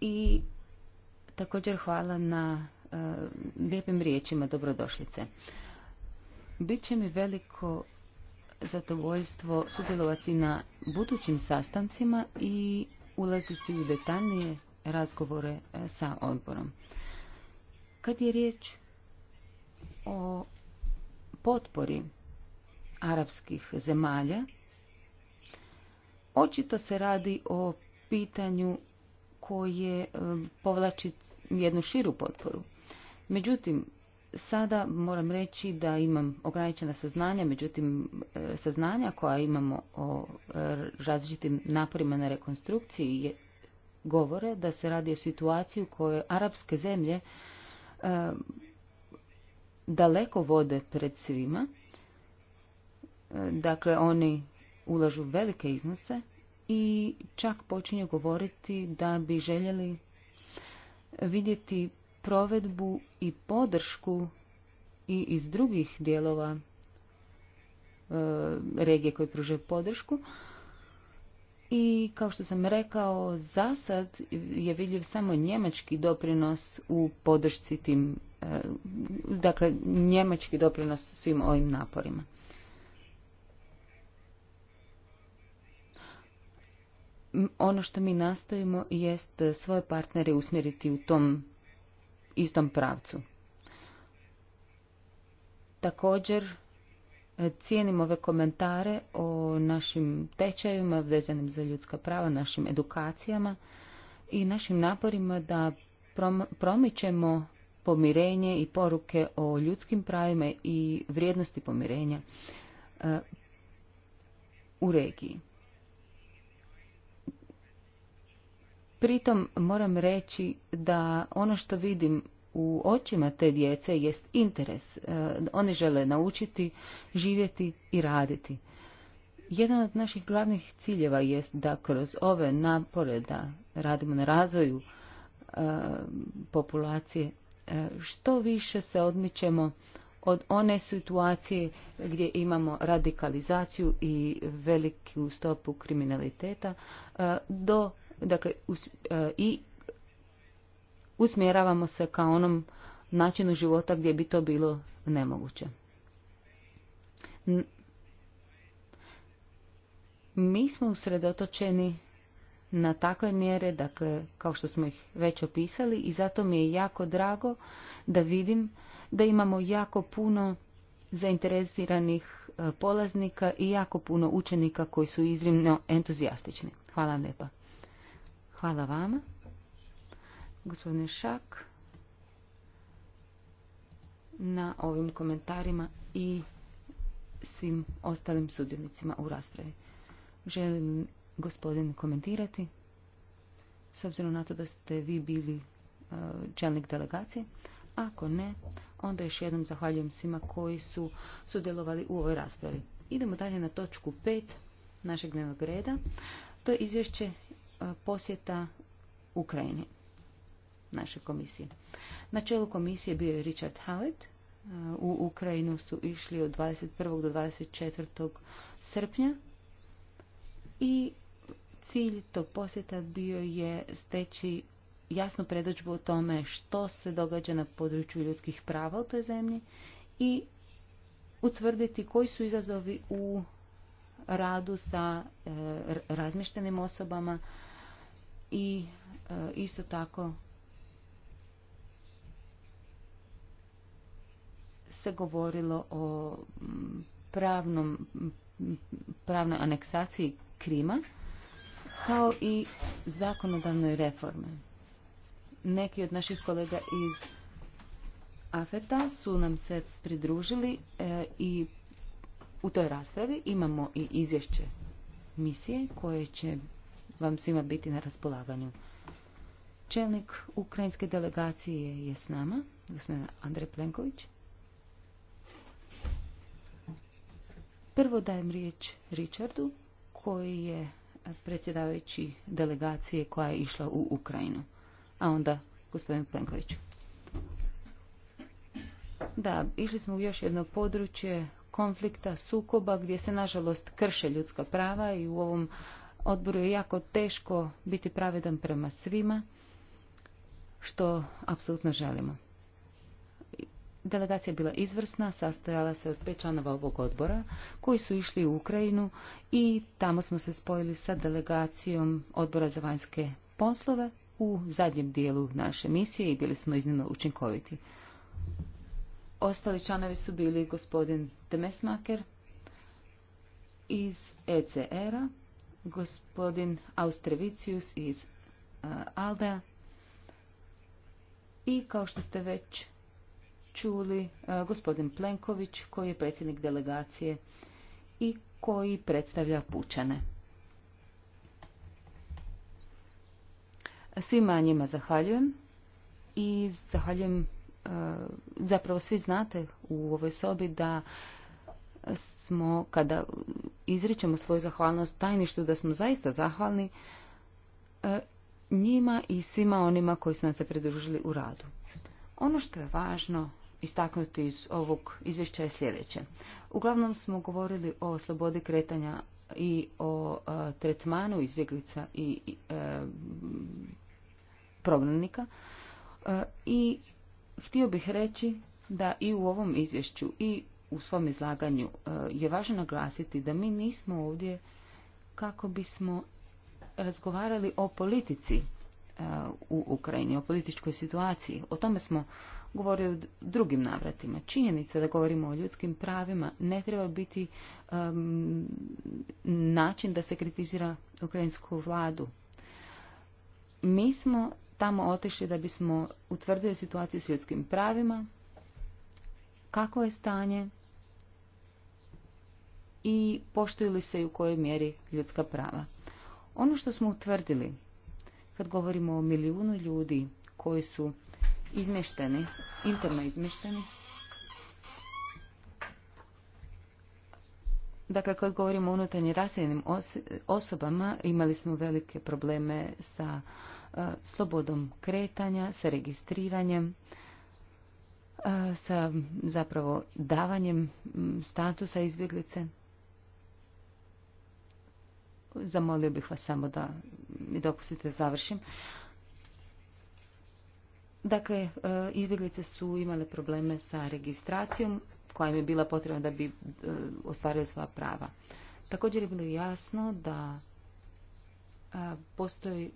I Također hvala na e, lijepim riječima dobrodošlice. Biće mi veliko zadovoljstvo sudjelovati na budućim sastancima i ulaziti u detaljnije razgovore e, sa odborom. Kad je riječ o potpori arapskih zemalja, očito se radi o pitanju koje e, povlači jednu širu potporu. Međutim, sada moram reći da imam ograničena saznanja, međutim e, saznanja koja imamo o e, različitim naporima na rekonstrukciji je, govore da se radi o situaciji u kojoj arapske zemlje e, daleko vode pred svima. dakle, oni ulažu velike iznose i čak počinju govoriti da bi željeli vidjeti provedbu i podršku i iz drugih dijelova e, regije koje pružaju podršku. I kao što sam rekao, za sad je vidljiv samo njemački doprinos u podršci tim, e, dakle njemački doprinos svim ovim naporima. ono što mi nastojimo jest e, svoje partnere usmjeriti u tom istom pravcu. Također e, cijenim ove komentare o našim tečajima vezanim za ljudska prava, našim edukacijama i našim naporima da promičemo pomirenje i poruke o ljudskim pravima i vrijednosti pomirenja e, u regiji. Pritom moram reći da ono što vidim u očima te djece jest interes. E, Oni žele naučiti, živjeti i raditi. Jedan od naših glavnih ciljeva jest da kroz ove napore da radimo na razvoju e, populacije, e, što više se odmičemo od one situacije gdje imamo radikalizaciju i veliku stopu kriminaliteta do Dakle, e, i usmjeravamo se ka onom načinu života gdje bi to bilo nemoguće. N mi smo usredotočeni na takve mjere, dakle, kao što smo ih već opisali i zato mi je jako drago da vidim da imamo jako puno zainteresiranih e, polaznika i jako puno učenika koji su iznimno entuzijastični. Hvala vam lijepa. Hvala vama, Gospodine Šak, na ovim komentarima i svim ostalim sudjelnicima u raspravi. Želim gospodin komentirati, s obzirom na to da ste vi bili e, čelnik delegacije. Ako ne, onda još jednom zahvaljujem svima koji su sudjelovali u ovoj raspravi. Idemo dalje na točku 5 našeg dnevnog reda. To je izvješće E, posjeta Ukrajini naše komisije. Na čelu komisije bio je Richard Howitt. E, u Ukrajinu su išli od 21. do 24. srpnja i cilj tog posjeta bio je steći jasnu predođbu o tome što se događa na području ljudskih prava u toj zemlji i utvrditi koji su izazovi u radu sa e, razmještenim osobama, i e, isto tako se govorilo o pravnom, pravnoj aneksaciji Krima kao i zakonodavnoj reforme. Neki od naših kolega iz AFETA su nam se pridružili e, i u toj raspravi imamo i izvješće misije koje će vam svima biti na raspolaganju. Čelnik ukrajinske delegacije je s nama, gospodin Andrej Plenković. Prvo dajem riječ Richardu, koji je predsjedavajući delegacije koja je išla u Ukrajinu. A onda gospodin Plenkoviću. Da, išli smo u još jedno područje konflikta, sukoba, gdje se nažalost krše ljudska prava i u ovom Odboru je jako teško biti pravedan prema svima, što apsolutno želimo. Delegacija je bila izvrsna, sastojala se od pet članova ovog odbora koji su išli u Ukrajinu i tamo smo se spojili sa delegacijom odbora za vanjske poslove u zadnjem dijelu naše misije i bili smo iznimno učinkoviti. Ostali članovi su bili gospodin Demesmaker iz ECR-a, gospodin Austrevicius iz eh, Aldea. I kao što ste već čuli, eh, gospodin Plenković koji je predsjednik delegacije i koji predstavlja pučane. Svima njima zahvaljujem i zahvaljujem, eh, zapravo svi znate u ovoj sobi da smo, kada izričemo svoju zahvalnost tajništu, da smo zaista zahvalni e, njima i svima onima koji su nam se pridružili u radu. Ono što je važno istaknuti iz ovog izvješća je sljedeće. Uglavnom smo govorili o slobodi kretanja i o e, tretmanu izbjeglica i, i e, prognanika. I htio bih reći da i u ovom izvješću i u svom izlaganju, e, je važno naglasiti da mi nismo ovdje kako bismo razgovarali o politici e, u Ukrajini, o političkoj situaciji. O tome smo govorili u drugim navratima. Činjenica da govorimo o ljudskim pravima ne treba biti način da se kritizira ukrajinsku vladu. Mi smo tamo otišli da bismo utvrdili situaciju s ljudskim pravima, kako je stanje, i poštuju li se i u kojoj mjeri ljudska prava. Ono što smo utvrdili kad govorimo o milijunu ljudi koji su izmješteni, interno izmješteni, Dakle, kad govorimo o unutarnjim raseljenim osobama, imali smo velike probleme sa e, slobodom kretanja, sa registriranjem, e, sa zapravo davanjem statusa izbjeglice. Zamolio bih vas samo da mi dopustite završim. Dakle, e, izbjeglice su imale probleme sa registracijom koja im je bila potrebna da bi e, ostvarile svoja prava. Također je bilo jasno da e, postoji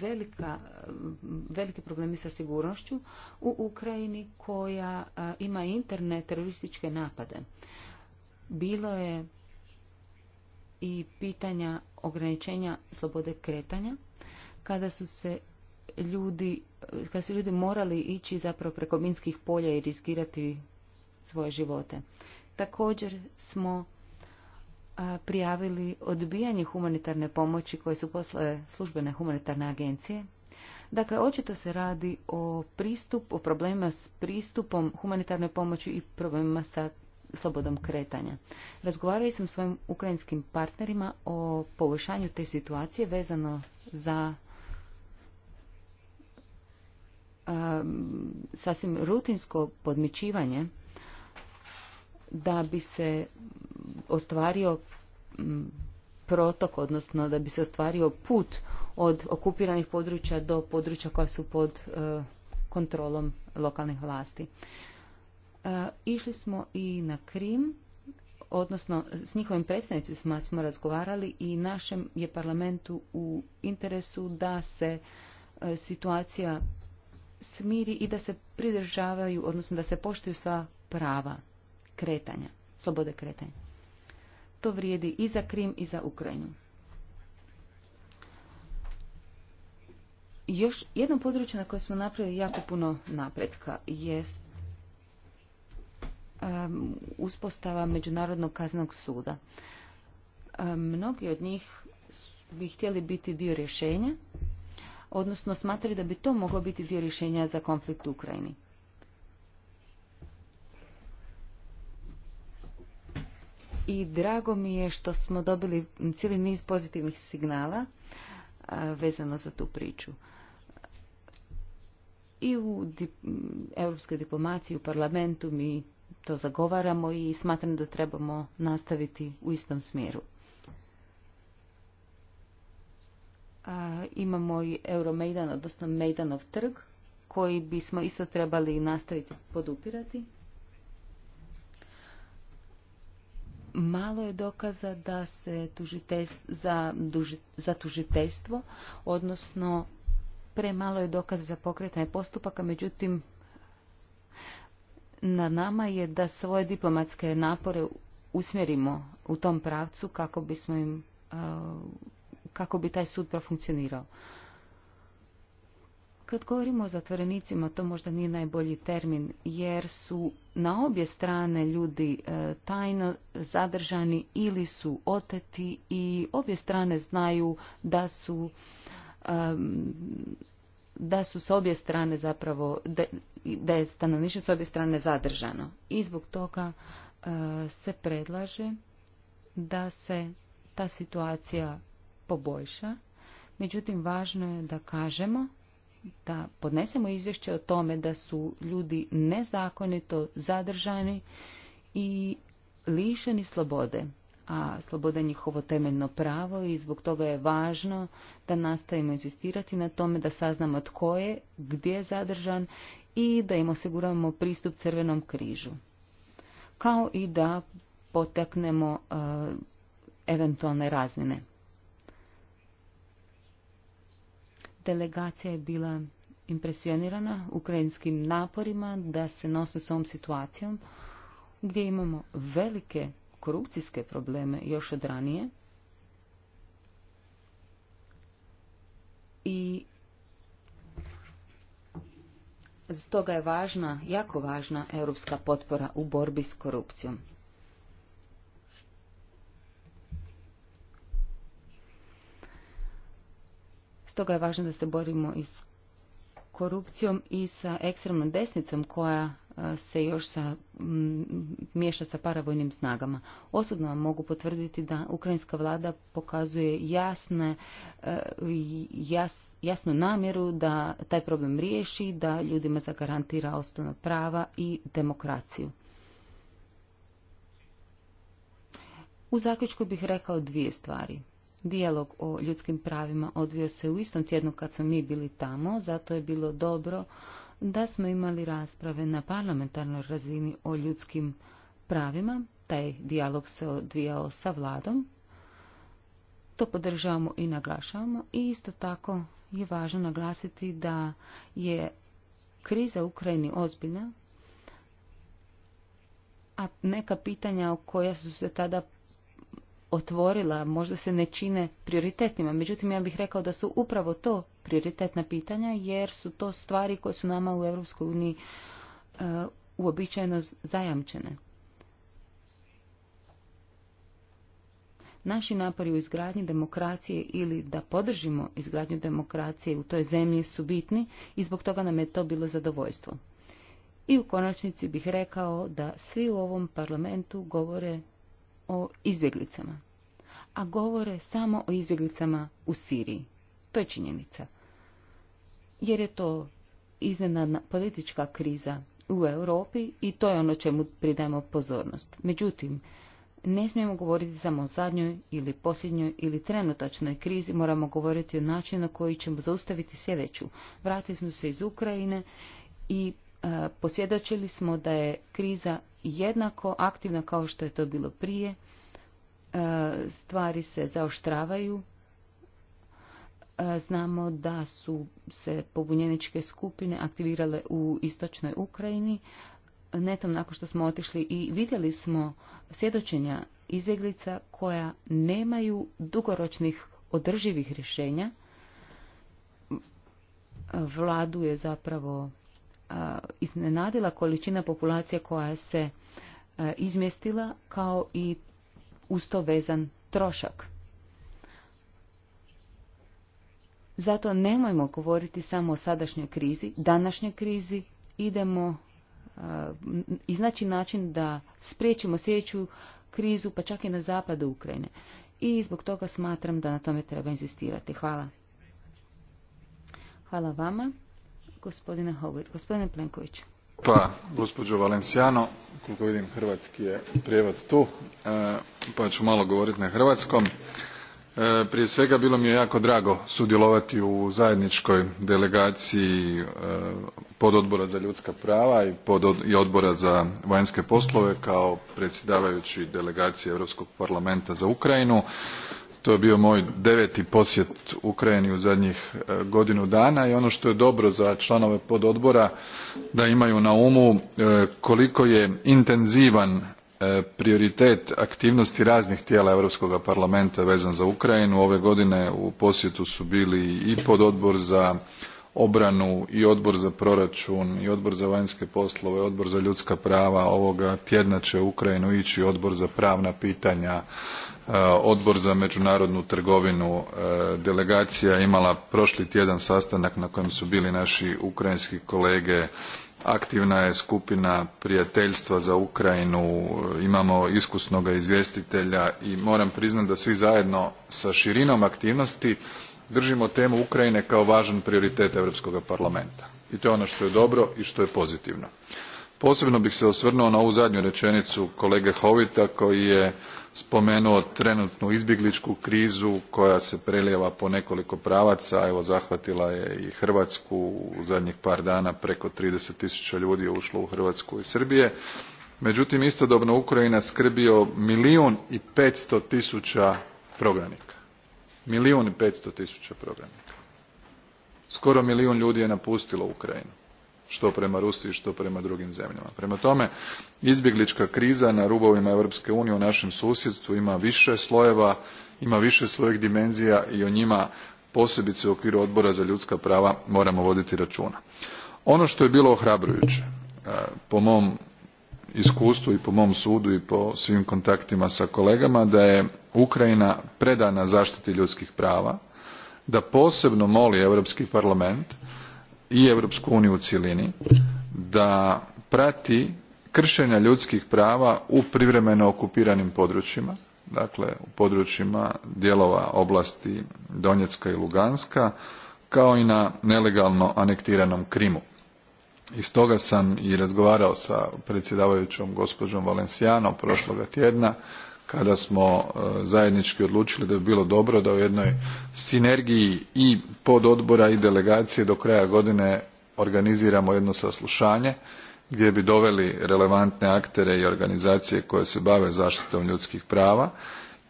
velika, velike problemi sa sigurnošću u Ukrajini koja ima interne terorističke napade. Bilo je i pitanja ograničenja slobode kretanja, kada su se ljudi, kada su ljudi morali ići zapravo preko minskih polja i riskirati svoje živote. Također smo prijavili odbijanje humanitarne pomoći koje su poslale službene humanitarne agencije. Dakle, očito se radi o pristup, o problemima s pristupom humanitarne pomoći i problemima sa slobodom kretanja. Razgovarali sam svojim ukrajinskim partnerima o poboljšanju te situacije vezano za um, sasvim rutinsko podmičivanje da bi se ostvario mm, protok, odnosno da bi se ostvario put od okupiranih područja do područja koja su pod uh, kontrolom lokalnih vlasti. E, išli smo i na Krim, odnosno s njihovim predstavnicima smo razgovarali i našem je parlamentu u interesu da se e, situacija smiri i da se pridržavaju, odnosno da se poštuju sva prava kretanja, slobode kretanja. To vrijedi i za Krim i za Ukrajinu. Još jedno područje na koje smo napravili jako puno napretka jest Um, uspostava Međunarodnog kaznog suda. Um, mnogi od njih bi htjeli biti dio rješenja, odnosno smatraju da bi to moglo biti dio rješenja za konflikt u Ukrajini. I drago mi je što smo dobili cijeli niz pozitivnih signala uh, vezano za tu priču. I u europskoj diplomaciji, u parlamentu mi to zagovaramo i smatram da trebamo nastaviti u istom smjeru. imamo i Euromejdan, odnosno Mejdanov trg, koji bismo isto trebali nastaviti podupirati. Malo je dokaza da se za, za tužiteljstvo, odnosno premalo je dokaza za pokretanje postupaka, međutim na nama je da svoje diplomatske napore usmjerimo u tom pravcu kako bismo im e, kako bi taj sud profunkcionirao. Kad govorimo o zatvorenicima, to možda nije najbolji termin, jer su na obje strane ljudi e, tajno zadržani ili su oteti i obje strane znaju da su e, da su s obje strane zapravo, da, je stanovništvo s obje strane zadržano. I zbog toga e, se predlaže da se ta situacija poboljša. Međutim, važno je da kažemo da podnesemo izvješće o tome da su ljudi nezakonito zadržani i lišeni slobode a sloboda je njihovo temeljno pravo i zbog toga je važno da nastavimo insistirati na tome da saznamo tko je, gdje je zadržan i da im osiguramo pristup Crvenom križu. Kao i da potaknemo e, eventualne razmjene. Delegacija je bila impresionirana ukrajinskim naporima da se nosi s ovom situacijom gdje imamo velike korupcijske probleme još od ranije i stoga je važna, jako važna europska potpora u borbi s korupcijom. Stoga je važno da se borimo i s korupcijom i sa ekstremnom desnicom koja se još sa, miješati sa paravojnim snagama. Osobno vam mogu potvrditi da ukrajinska vlada pokazuje jasne, e, jas, jasnu namjeru da taj problem riješi, da ljudima zagarantira osnovna prava i demokraciju. U zaključku bih rekao dvije stvari. Dijalog o ljudskim pravima odvio se u istom tjednu kad smo mi bili tamo, zato je bilo dobro da smo imali rasprave na parlamentarnoj razini o ljudskim pravima. Taj dijalog se odvijao sa vladom. To podržavamo i naglašavamo. I isto tako je važno naglasiti da je kriza u Ukrajini ozbiljna, a neka pitanja koja su se tada otvorila možda se ne čine prioritetnima. Međutim, ja bih rekao da su upravo to prioritetna pitanja jer su to stvari koje su nama u Europskoj uniji e, uobičajeno zajamčene. Naši napori u izgradnji demokracije ili da podržimo izgradnju demokracije u toj zemlji su bitni i zbog toga nam je to bilo zadovoljstvo. I u konačnici bih rekao da svi u ovom parlamentu govore o izbjeglicama, a govore samo o izbjeglicama u Siriji. To je činjenica. Jer je to iznenadna politička kriza u Europi i to je ono čemu pridajemo pozornost. Međutim, ne smijemo govoriti samo o zadnjoj ili posljednjoj ili trenutačnoj krizi, moramo govoriti o načinu na koji ćemo zaustaviti sljedeću. Vratili smo se iz Ukrajine i e, posvjedočili smo da je kriza jednako aktivna kao što je to bilo prije. E, stvari se zaoštravaju, E, znamo da su se pobunjeničke skupine aktivirale u istočnoj Ukrajini. Netom nakon što smo otišli i vidjeli smo svjedočenja izbjeglica koja nemaju dugoročnih održivih rješenja. Vladu je zapravo iznenadila količina populacije koja se izmjestila kao i uz vezan trošak. Zato nemojmo govoriti samo o sadašnjoj krizi, današnjoj krizi, idemo uh, iznaći način da spriječimo sljedeću krizu, pa čak i na zapadu Ukrajine. I zbog toga smatram da na tome treba insistirati. Hvala. Hvala vama, gospodine Gospodine Plenković. Pa, gospođo Valenciano, koliko vidim hrvatski je prijevod tu, eh, pa ću malo govoriti na hrvatskom. E, prije svega bilo mi je jako drago sudjelovati u zajedničkoj delegaciji e, pododbora za ljudska prava i odbora za vanjske poslove kao predsjedavajući delegacije europskog parlamenta za ukrajinu. to je bio moj deveti posjet ukrajini u zadnjih e, godinu dana i ono što je dobro za članove pododbora da imaju na umu koliko je intenzivan E, prioritet aktivnosti raznih tijela europskog parlamenta vezan za ukrajinu ove godine u posjetu su bili i pododbor za obranu i odbor za proračun i odbor za vanjske poslove odbor za ljudska prava ovoga tjedna će u ukrajinu ići odbor za pravna pitanja e, odbor za međunarodnu trgovinu e, delegacija je imala prošli tjedan sastanak na kojem su bili naši ukrajinski kolege aktivna je skupina prijateljstva za Ukrajinu, e, imamo iskusnog izvjestitelja i moram priznati da svi zajedno sa širinom aktivnosti držimo temu Ukrajine kao važan prioritet Europskog parlamenta. I to je ono što je dobro i što je pozitivno posebno bih se osvrnuo na ovu zadnju rečenicu kolege Hovita koji je spomenuo trenutnu izbjegličku krizu koja se prelijeva po nekoliko pravaca evo zahvatila je i hrvatsku u zadnjih par dana preko trideset tisuća ljudi je ušlo u hrvatsku i srbije međutim istodobno ukrajina skrbi o milijun i petsto tisuća prognanika milijun i petsto tisuća prognanika skoro milijun ljudi je napustilo ukrajinu što prema rusiji što prema drugim zemljama. prema tome izbjeglička kriza na rubovima europske unije u našem susjedstvu ima više slojeva ima više svojih dimenzija i o njima posebice u okviru odbora za ljudska prava moramo voditi računa. ono što je bilo ohrabrujuće e, po mom iskustvu i po mom sudu i po svim kontaktima sa kolegama da je ukrajina predana zaštiti ljudskih prava da posebno moli europski parlament i Europsku uniju u cjelini da prati kršenja ljudskih prava u privremeno okupiranim područjima, dakle u područjima dijelova oblasti Donjecka i Luganska, kao i na nelegalno anektiranom Krimu. I stoga sam i razgovarao sa predsjedavajućom gospođom Valencianom prošloga tjedna kada smo e, zajednički odlučili da bi bilo dobro da u jednoj sinergiji i pododbora i delegacije do kraja godine organiziramo jedno saslušanje gdje bi doveli relevantne aktere i organizacije koje se bave zaštitom ljudskih prava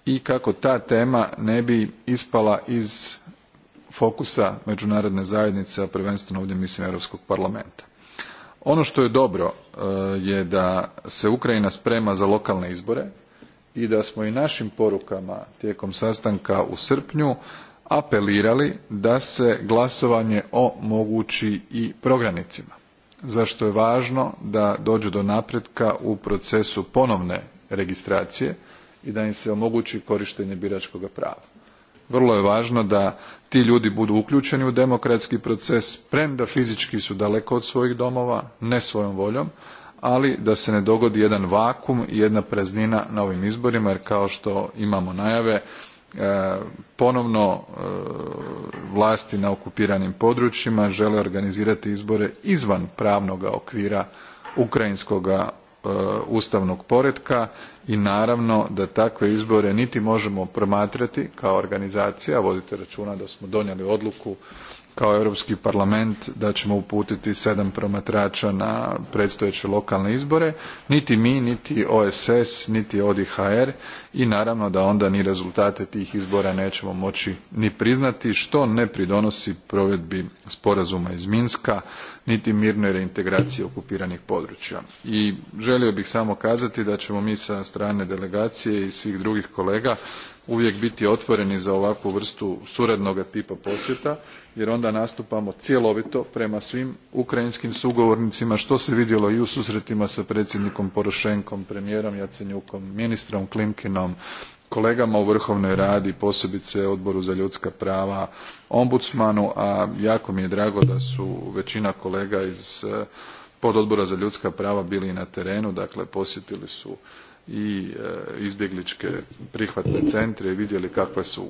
i kako ta tema ne bi ispala iz fokusa međunarodne zajednice a prvenstveno ovdje mislim europskog parlamenta. ono što je dobro e, je da se ukrajina sprema za lokalne izbore i da smo i našim porukama tijekom sastanka u srpnju apelirali da se glasovanje omogući i prognanicima za što je važno da dođe do napretka u procesu ponovne registracije i da im se omogući korištenje biračkog prava. vrlo je važno da ti ljudi budu uključeni u demokratski proces premda fizički su daleko od svojih domova ne svojom voljom ali da se ne dogodi jedan vakum i jedna praznina na ovim izborima jer kao što imamo najave e, ponovno e, vlasti na okupiranim područjima žele organizirati izbore izvan pravnoga okvira ukrajinskog e, ustavnog poretka i naravno da takve izbore niti možemo promatrati kao organizacija vodite računa da smo donijeli odluku kao Europski parlament da ćemo uputiti sedam promatrača na predstojeće lokalne izbore, niti mi, niti OSS, niti ODIHR i naravno da onda ni rezultate tih izbora nećemo moći ni priznati što ne pridonosi provedbi sporazuma iz Minska niti mirnoj reintegraciji okupiranih područja. I želio bih samo kazati da ćemo mi sa strane delegacije i svih drugih kolega uvijek biti otvoreni za ovakvu vrstu suradnog tipa posjeta jer onda nastupamo cjelovito prema svim ukrajinskim sugovornicima što se vidjelo i u susretima s predsjednikom porošenkom premijerom jacenjukom ministrom klimkinom kolegama u vrhovnoj radi posebice odboru za ljudska prava ombudsmanu a jako mi je drago da su većina kolega iz eh, pododbora za ljudska prava bili na terenu dakle posjetili su i e, izbjegličke prihvatne centre i vidjeli kakve su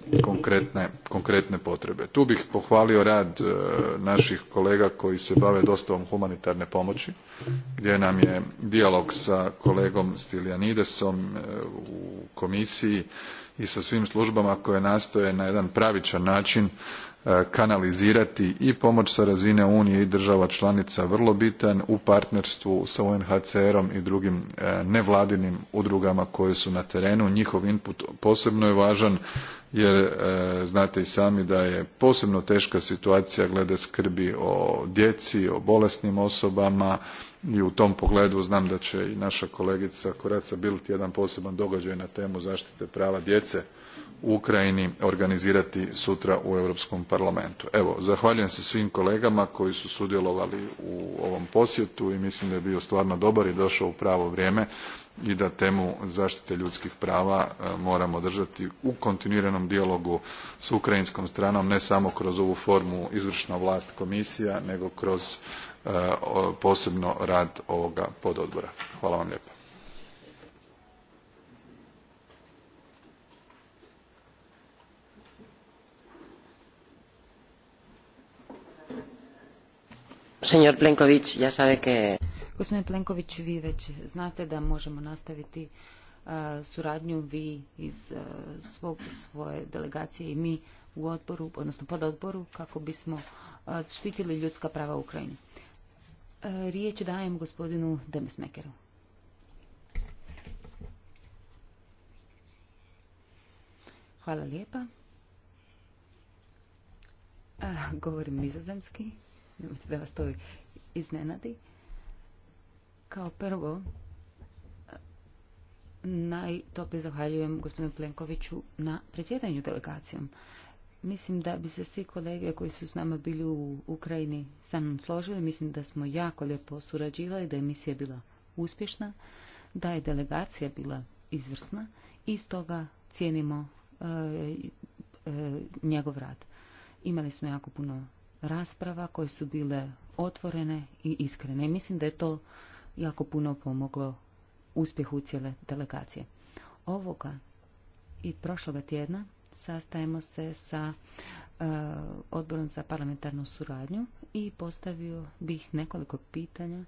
konkretne, potrebe. Tu bih pohvalio rad e, naših kolega koji se bave dostavom humanitarne pomoći, gdje nam je dijalog sa kolegom Stiljanidesom e, u komisiji i sa svim službama koje nastoje na jedan pravičan način E, kanalizirati i pomoć sa razine unije i država članica vrlo bitan u partnerstvu sa UNHCR-om i drugim e, nevladinim udrugama koje su na terenu. Njihov input posebno je važan jer e, znate i sami da je posebno teška situacija glede skrbi o djeci, o bolesnim osobama i u tom pogledu znam da će i naša kolegica Koraca bildt jedan poseban događaj na temu zaštite prava djece u Ukrajini organizirati sutra u Europskom parlamentu. Evo, zahvaljujem se svim kolegama koji su sudjelovali u ovom posjetu i mislim da je bio stvarno dobar i došao u pravo vrijeme i da temu zaštite ljudskih prava e, moramo držati u kontinuiranom dijalogu s ukrajinskom stranom, ne samo kroz ovu formu izvršna vlast komisija, nego kroz e, posebno rad ovoga pododbora. Hvala vam lijepa. Gospodin Plenković, Gospodine Plenković, vi već znate da možemo nastaviti uh, suradnju vi iz uh, svoje delegacije i mi u odboru, odnosno pod kako bismo uh, štitili ljudska prava u Ukrajini. Riječ dajem gospodinu Demesmekeru. Hvala lijepa. Govorim nizozemski da vas to iznenadi. Kao prvo, najtoplije zahvaljujem gospodinu Plenkoviću na predsjedanju delegacijom. Mislim da bi se svi kolege koji su s nama bili u Ukrajini sa mnom složili. Mislim da smo jako lijepo surađivali, da je misija bila uspješna, da je delegacija bila izvrsna i stoga cijenimo e, e, njegov rad. Imali smo jako puno rasprava koje su bile otvorene i iskrene. Mislim da je to jako puno pomoglo uspjehu cijele delegacije. Ovoga i prošloga tjedna sastajemo se sa e, odborom za parlamentarnu suradnju i postavio bih nekoliko pitanja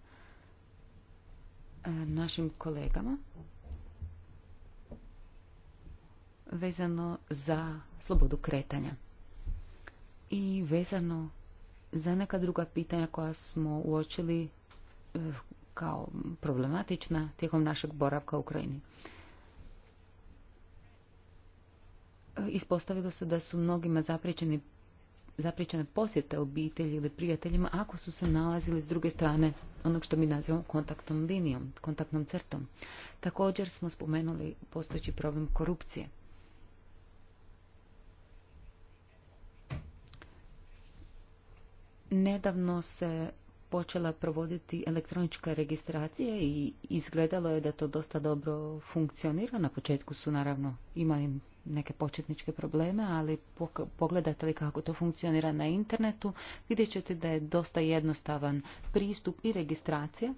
e, našim kolegama vezano za slobodu kretanja i vezano za neka druga pitanja koja smo uočili eh, kao problematična tijekom našeg boravka u Ukrajini. Eh, ispostavilo se da su mnogima zapriječeni zapriječene posjete obitelji ili prijateljima ako su se nalazili s druge strane onog što mi nazivamo kontaktnom linijom, kontaktnom crtom. Također smo spomenuli postojeći problem korupcije. Nedavno se počela provoditi elektronička registracija i izgledalo je da to dosta dobro funkcionira. Na početku su naravno imali neke početničke probleme, ali pogledate li kako to funkcionira na internetu, vidjet ćete da je dosta jednostavan pristup i registracija,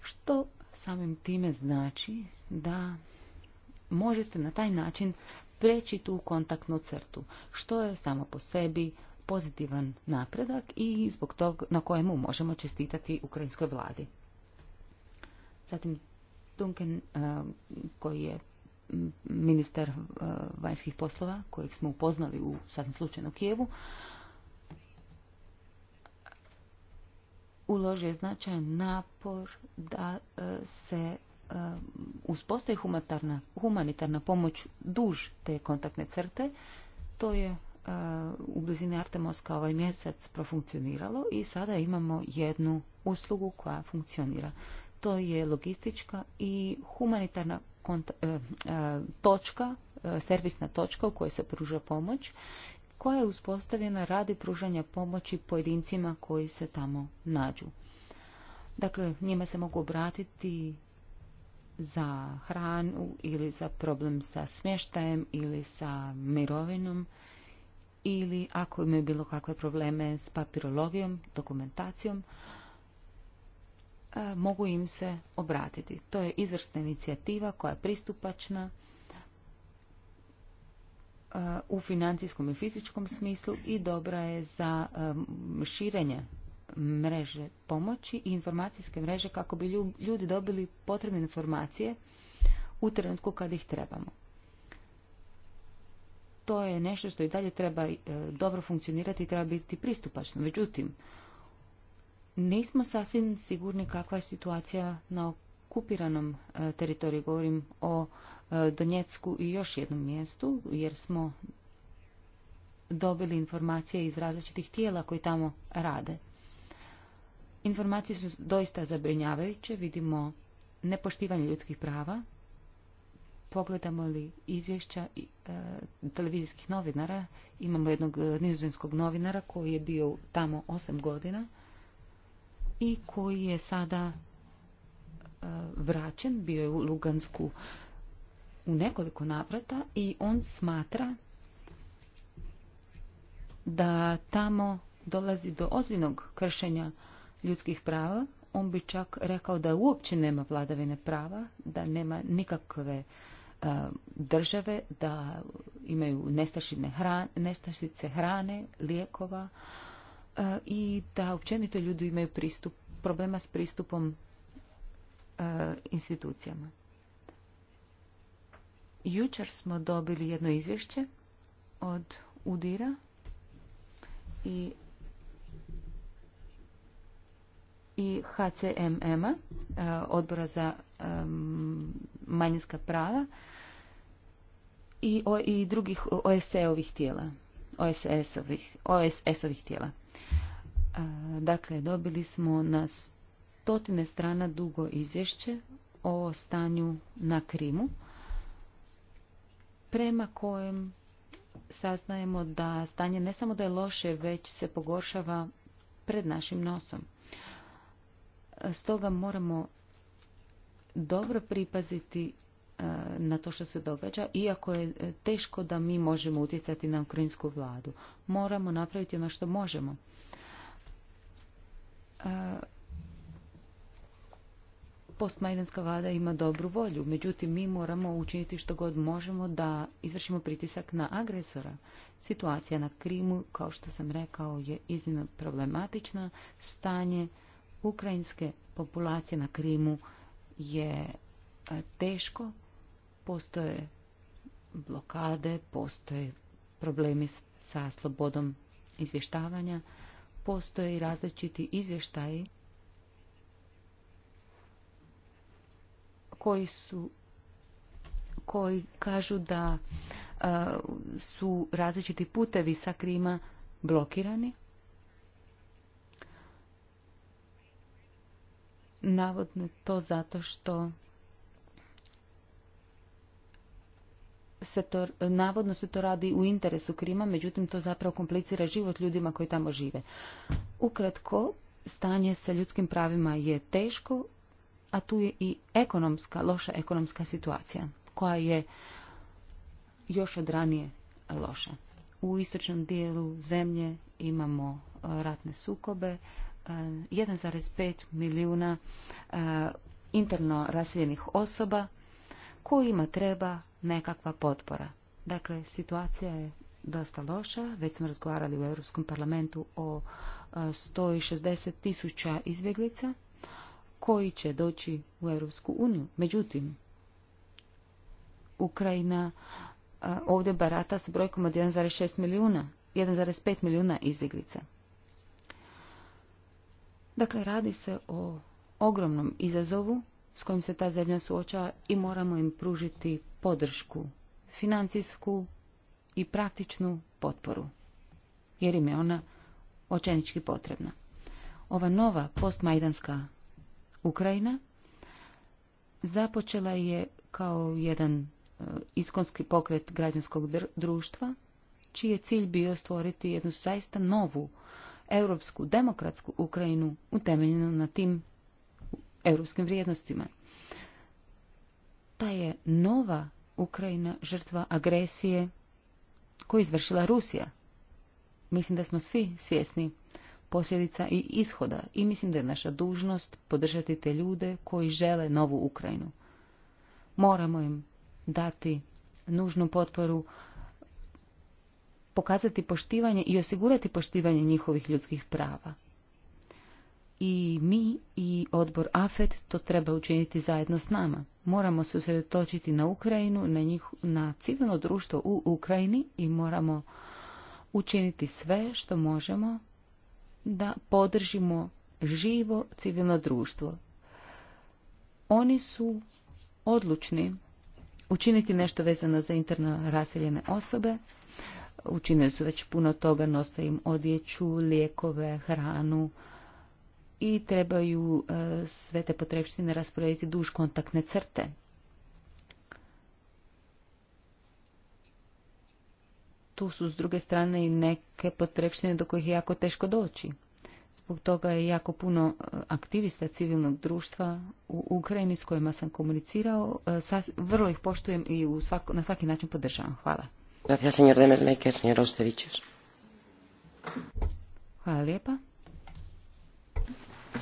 što samim time znači da možete na taj način preći tu kontaktnu crtu, što je samo po sebi pozitivan napredak i zbog tog na kojemu možemo čestitati ukrajinskoj vladi. Zatim Duncan eh, koji je ministar eh, vanjskih poslova kojeg smo upoznali u sasvim slučajno Kijevu uložio je značajan napor da eh, se uspostavi humanitarna, humanitarna pomoć duž te kontaktne crte. To je u blizini Artemoska ovaj mjesec profunkcioniralo i sada imamo jednu uslugu koja funkcionira. To je logistička i humanitarna e, e, točka, e, servisna točka u kojoj se pruža pomoć, koja je uspostavljena radi pružanja pomoći pojedincima koji se tamo nađu. Dakle, njima se mogu obratiti za hranu ili za problem sa smještajem ili sa mirovinom ili ako imaju bilo kakve probleme s papirologijom, dokumentacijom, e, mogu im se obratiti. To je izvrsna inicijativa koja je pristupačna e, u financijskom i fizičkom smislu i dobra je za e, širenje mreže pomoći i informacijske mreže kako bi ljudi dobili potrebne informacije u trenutku kad ih trebamo to je nešto što i dalje treba e, dobro funkcionirati i treba biti pristupačno. Međutim, nismo sasvim sigurni kakva je situacija na okupiranom e, teritoriju. Govorim o e, Donjecku i još jednom mjestu, jer smo dobili informacije iz različitih tijela koji tamo rade. Informacije su doista zabrinjavajuće, vidimo nepoštivanje ljudskih prava, pogledamo li izvješća e, televizijskih novinara, imamo jednog e, nizozemskog novinara koji je bio tamo osam godina i koji je sada e, vraćen, bio je u Lugansku u nekoliko navrata i on smatra da tamo dolazi do ozbiljnog kršenja ljudskih prava on bi čak rekao da uopće nema vladavine prava, da nema nikakve E, države da imaju hran, nestašice hrane, lijekova e, i da općenito ljudi imaju pristup, problema s pristupom e, institucijama. Jučer smo dobili jedno izvješće od Udira i i HCMM-a, e, odbora za e, manjinska prava i, i drugih OSE-ovih tijela, OSS-ovih tijela. E, dakle, dobili smo na stotine strana dugo izvješće o stanju na Krimu, prema kojem saznajemo da stanje ne samo da je loše, već se pogoršava pred našim nosom. Stoga moramo dobro pripaziti e, na to što se događa, iako je e, teško da mi možemo utjecati na ukrajinsku vladu. Moramo napraviti ono što možemo. E, postmajdanska vlada ima dobru volju, međutim mi moramo učiniti što god možemo da izvršimo pritisak na agresora. Situacija na Krimu, kao što sam rekao, je iznimno problematična, stanje ukrajinske populacije na Krimu je e, teško, postoje blokade, postoje problemi sa slobodom izvještavanja, postoje i različiti izvještaji koji su koji kažu da e, su različiti putevi sa Krima blokirani navodno to zato što se to, navodno se to radi u interesu Krima, međutim to zapravo komplicira život ljudima koji tamo žive. Ukratko, stanje sa ljudskim pravima je teško, a tu je i ekonomska, loša ekonomska situacija, koja je još od ranije loša. U istočnom dijelu zemlje imamo ratne sukobe, 1,5 eh, milijuna eh, interno raseljenih osoba kojima treba nekakva potpora. Dakle, situacija je dosta loša. Već smo razgovarali u Europskom parlamentu o 160 eh, tisuća izbjeglica koji će doći u Europsku uniju. Međutim, Ukrajina ovdje barata sa brojkom od 1,6 milijuna, 1,5 milijuna izbjeglica. Dakle, radi se o ogromnom izazovu s kojim se ta zemlja suočava i moramo im pružiti podršku, financijsku i praktičnu potporu, jer im je ona očenički potrebna. Ova nova postmajdanska Ukrajina započela je kao jedan e, iskonski pokret građanskog društva, čiji je cilj bio stvoriti jednu zaista novu europsku demokratsku Ukrajinu utemeljenu na tim europskim vrijednostima. Ta je nova Ukrajina žrtva agresije koju izvršila Rusija. Mislim da smo svi svjesni posljedica i ishoda i mislim da je naša dužnost podržati te ljude koji žele novu Ukrajinu. Moramo im dati nužnu potporu pokazati poštivanje i osigurati poštivanje njihovih ljudskih prava. I mi i odbor AFET to treba učiniti zajedno s nama. Moramo se usredotočiti na Ukrajinu, na, njih, na civilno društvo u Ukrajini i moramo učiniti sve što možemo da podržimo živo civilno društvo. Oni su odlučni učiniti nešto vezano za interno raseljene osobe, učine su već puno toga, nose im odjeću, lijekove, hranu i trebaju e, sve te potrebštine rasporediti duž kontaktne crte. Tu su s druge strane i neke potrebštine do kojih je jako teško doći. Zbog toga je jako puno e, aktivista civilnog društva u Ukrajini s kojima sam komunicirao. E, vrlo ih poštujem i na svaki način podržavam. Hvala. Gracias, señor Demesmaker. Señora Ostevićus. Hvala lijepa.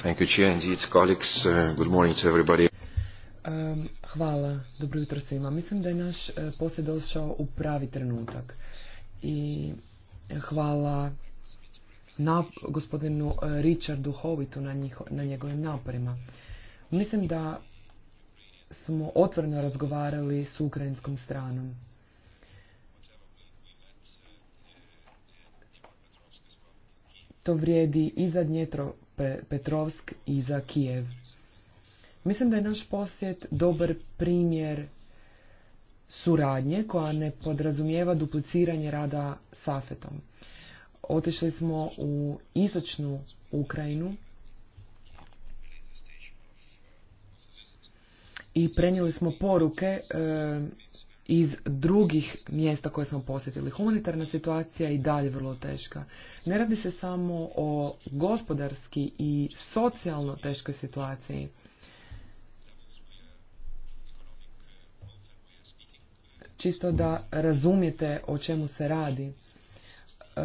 Thank you, Chair. its colleagues, uh, good morning to everybody. Um, hvala, dobro jutro svima. Mislim da je naš uh, posjed došao u pravi trenutak. I hvala na, gospodinu uh, Richardu Hovitu na, njiho, na njegovim naporima. Mislim da smo otvoreno razgovarali s ukrajinskom stranom. To vrijedi i za Dnjetro Petrovsk i za Kijev. Mislim da je naš posjet dobar primjer suradnje koja ne podrazumijeva dupliciranje rada Safetom. Otišli smo u istočnu Ukrajinu i prenijeli smo poruke e, iz drugih mjesta koje smo posjetili. Humanitarna situacija je i dalje vrlo teška. Ne radi se samo o gospodarski i socijalno teškoj situaciji. Čisto da razumijete o čemu se radi. E,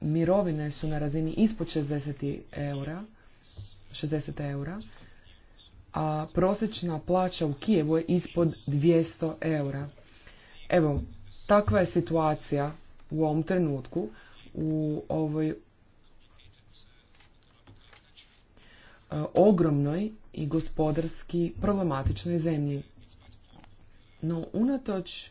mirovine su na razini ispod 60 eura, 60 eura, a prosječna plaća u Kijevu je ispod 200 eura. Evo, takva je situacija u ovom trenutku u ovoj e, ogromnoj i gospodarski problematičnoj zemlji. No, unatoč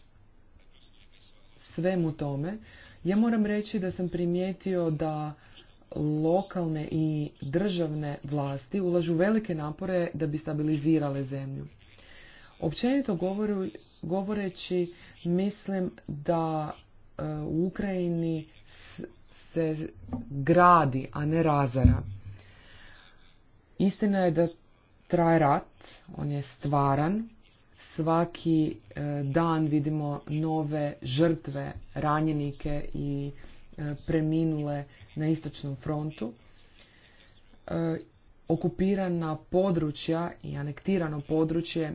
svemu tome, ja moram reći da sam primijetio da lokalne i državne vlasti ulažu velike napore da bi stabilizirale zemlju. Općenito govoreći, mislim da e, u Ukrajini se gradi, a ne razara. Istina je da traje rat, on je stvaran, svaki e, dan vidimo nove žrtve, ranjenike i e, preminule na istočnom frontu. Okupirana područja i anektirano područje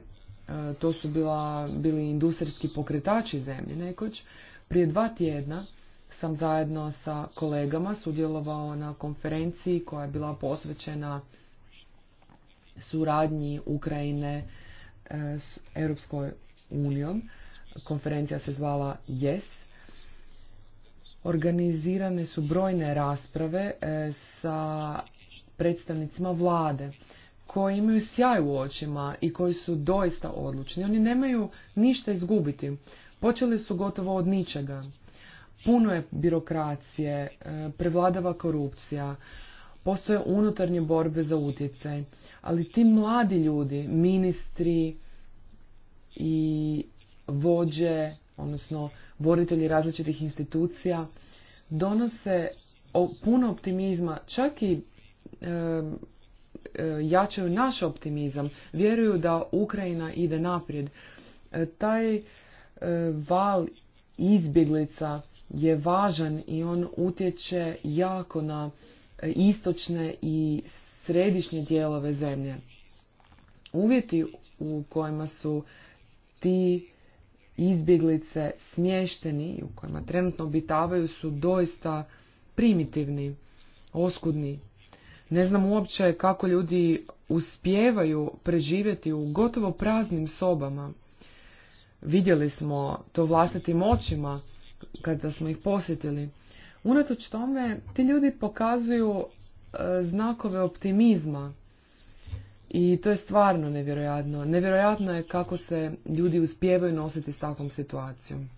E, to su bila, bili industrijski pokretači zemlje nekoć. Prije dva tjedna sam zajedno sa kolegama sudjelovao na konferenciji koja je bila posvećena suradnji Ukrajine e, s Europskoj unijom. Konferencija se zvala YES. Organizirane su brojne rasprave e, sa predstavnicima vlade koji imaju sjaj u očima i koji su doista odlučni. Oni nemaju ništa izgubiti. Počeli su gotovo od ničega. Puno je birokracije, e, prevladava korupcija, postoje unutarnje borbe za utjecaj, ali ti mladi ljudi, ministri i vođe, odnosno voditelji različitih institucija, donose puno optimizma, čak i e, E, jačaju naš optimizam, vjeruju da Ukrajina ide naprijed. E, taj e, val izbjeglica je važan i on utječe jako na istočne i središnje dijelove zemlje. Uvjeti u kojima su ti izbjeglice smješteni i u kojima trenutno obitavaju su doista primitivni, oskudni ne znam uopće kako ljudi uspijevaju preživjeti u gotovo praznim sobama. Vidjeli smo to vlastitim očima kada smo ih posjetili. Unatoč tome, ti ljudi pokazuju e, znakove optimizma i to je stvarno nevjerojatno. Nevjerojatno je kako se ljudi uspijevaju nositi s takvom situacijom.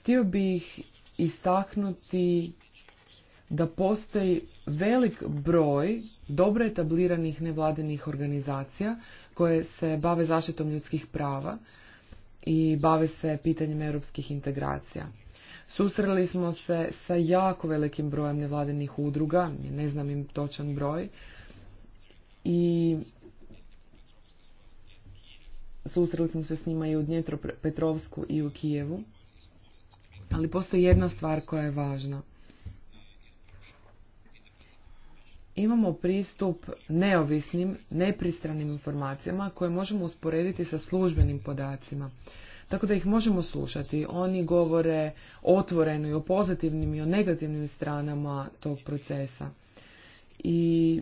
Htio bih istaknuti da postoji velik broj dobro etabliranih nevladinih organizacija koje se bave zaštitom ljudskih prava i bave se pitanjem europskih integracija. Susreli smo se sa jako velikim brojem nevladinih udruga, ne znam im točan broj, i susreli smo se s njima i u Dnjetropetrovsku i u Kijevu. Ali postoji jedna stvar koja je važna. imamo pristup neovisnim, nepristranim informacijama koje možemo usporediti sa službenim podacima. Tako da ih možemo slušati. Oni govore otvoreno i o pozitivnim i o negativnim stranama tog procesa. I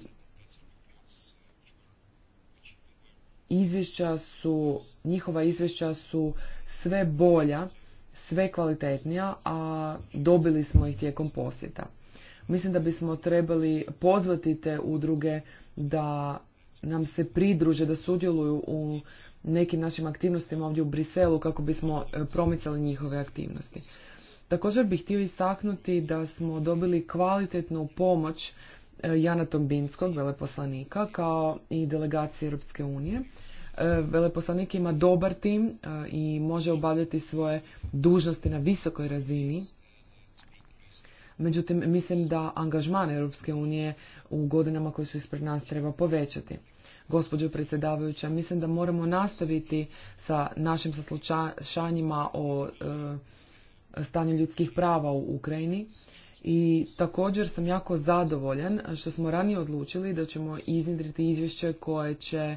izvješća su, njihova izvješća su sve bolja, sve kvalitetnija, a dobili smo ih tijekom posjeta. Mislim da bismo trebali pozvati te udruge da nam se pridruže, da sudjeluju u nekim našim aktivnostima ovdje u Briselu kako bismo e, promicali njihove aktivnosti. Također bih htio istaknuti da smo dobili kvalitetnu pomoć e, Jana Tombinskog, veleposlanika, kao i delegacije Europske unije. E, veleposlanik ima dobar tim i može obavljati svoje dužnosti na visokoj razini Međutim, mislim da angažman Europske unije u godinama koje su ispred nas treba povećati. Gospođo predsjedavajuća, mislim da moramo nastaviti sa našim saslučanjima o e, stanju ljudskih prava u Ukrajini i također sam jako zadovoljan što smo ranije odlučili da ćemo iznjedriti izvješće koje će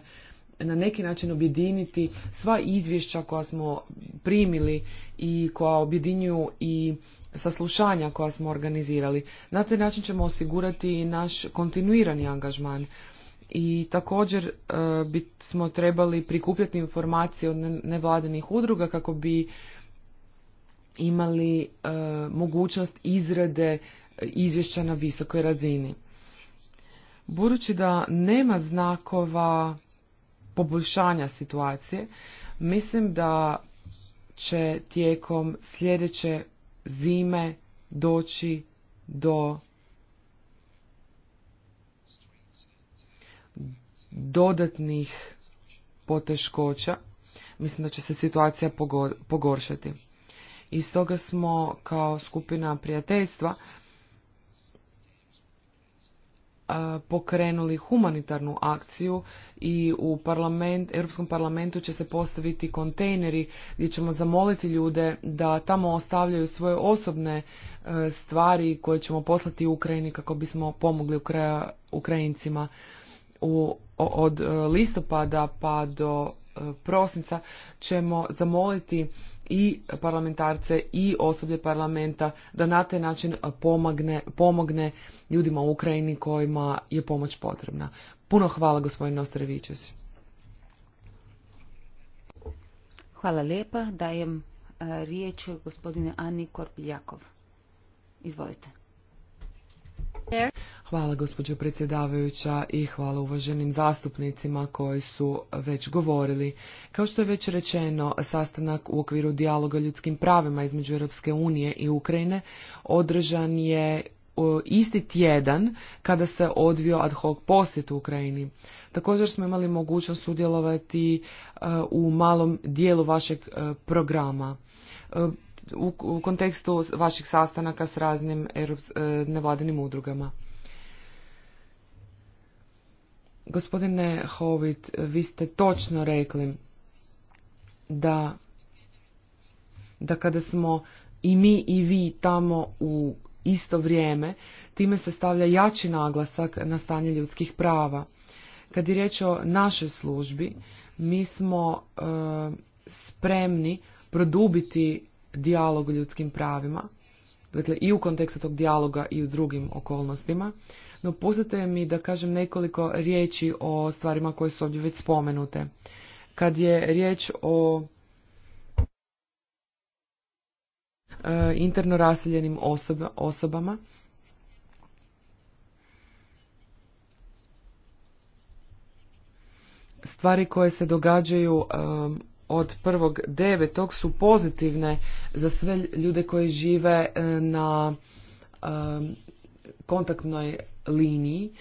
na neki način objediniti sva izvješća koja smo primili i koja objedinju i saslušanja koja smo organizirali. Na taj način ćemo osigurati i naš kontinuirani angažman i također e, bismo smo trebali prikupljati informacije od nevladinih udruga kako bi imali e, mogućnost izrade e, izvješća na visokoj razini. Budući da nema znakova poboljšanja situacije, mislim da će tijekom sljedeće zime doći do dodatnih poteškoća, mislim da će se situacija pogoršati. I stoga smo kao skupina prijateljstva pokrenuli humanitarnu akciju i u parlament, Europskom parlamentu će se postaviti kontejneri gdje ćemo zamoliti ljude da tamo ostavljaju svoje osobne e, stvari koje ćemo poslati u Ukrajini kako bismo pomogli Ukrajincima od e, listopada pa do e, prosinca ćemo zamoliti i parlamentarce i osoblje parlamenta da na taj način pomogne ljudima u Ukrajini kojima je pomoć potrebna. Puno hvala gospodine Ostrevićus. Hvala lijepa. Dajem e, riječ gospodine Ani Korpiljakov. Izvolite. Hvala gospođo predsjedavajuća i hvala uvaženim zastupnicima koji su već govorili. Kao što je već rečeno, sastanak u okviru dijaloga ljudskim pravima između Europske unije i Ukrajine održan je isti tjedan kada se odvio ad hoc posjet u Ukrajini. Također smo imali mogućnost sudjelovati e, u malom dijelu vašeg e, programa e, u, u kontekstu vaših sastanaka s raznim e, nevladinim udrugama. Gospodine Hovit, vi ste točno rekli da, da kada smo i mi i vi tamo u isto vrijeme, time se stavlja jači naglasak na stanje ljudskih prava. Kad je riječ o našoj službi, mi smo e, spremni produbiti dijalog ljudskim pravima, dakle i u kontekstu tog dijaloga i u drugim okolnostima, no pustite mi da kažem nekoliko riječi o stvarima koje su ovdje već spomenute. Kad je riječ o e, interno raseljenim osobama, stvari koje se događaju e, od devetog su pozitivne za sve ljude koji žive e, na e, kontaktnoj liniji.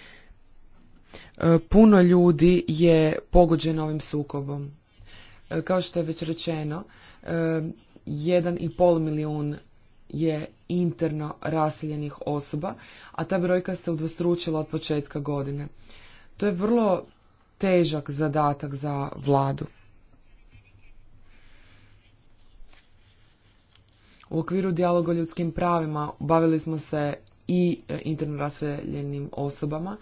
E, puno ljudi je pogođeno ovim sukobom. Kao što je već rečeno, 1,5 milijun je interno raseljenih osoba, a ta brojka se udvostručila od početka godine. To je vrlo težak zadatak za vladu. U okviru dijaloga o ljudskim pravima bavili smo se i e, interno osobama,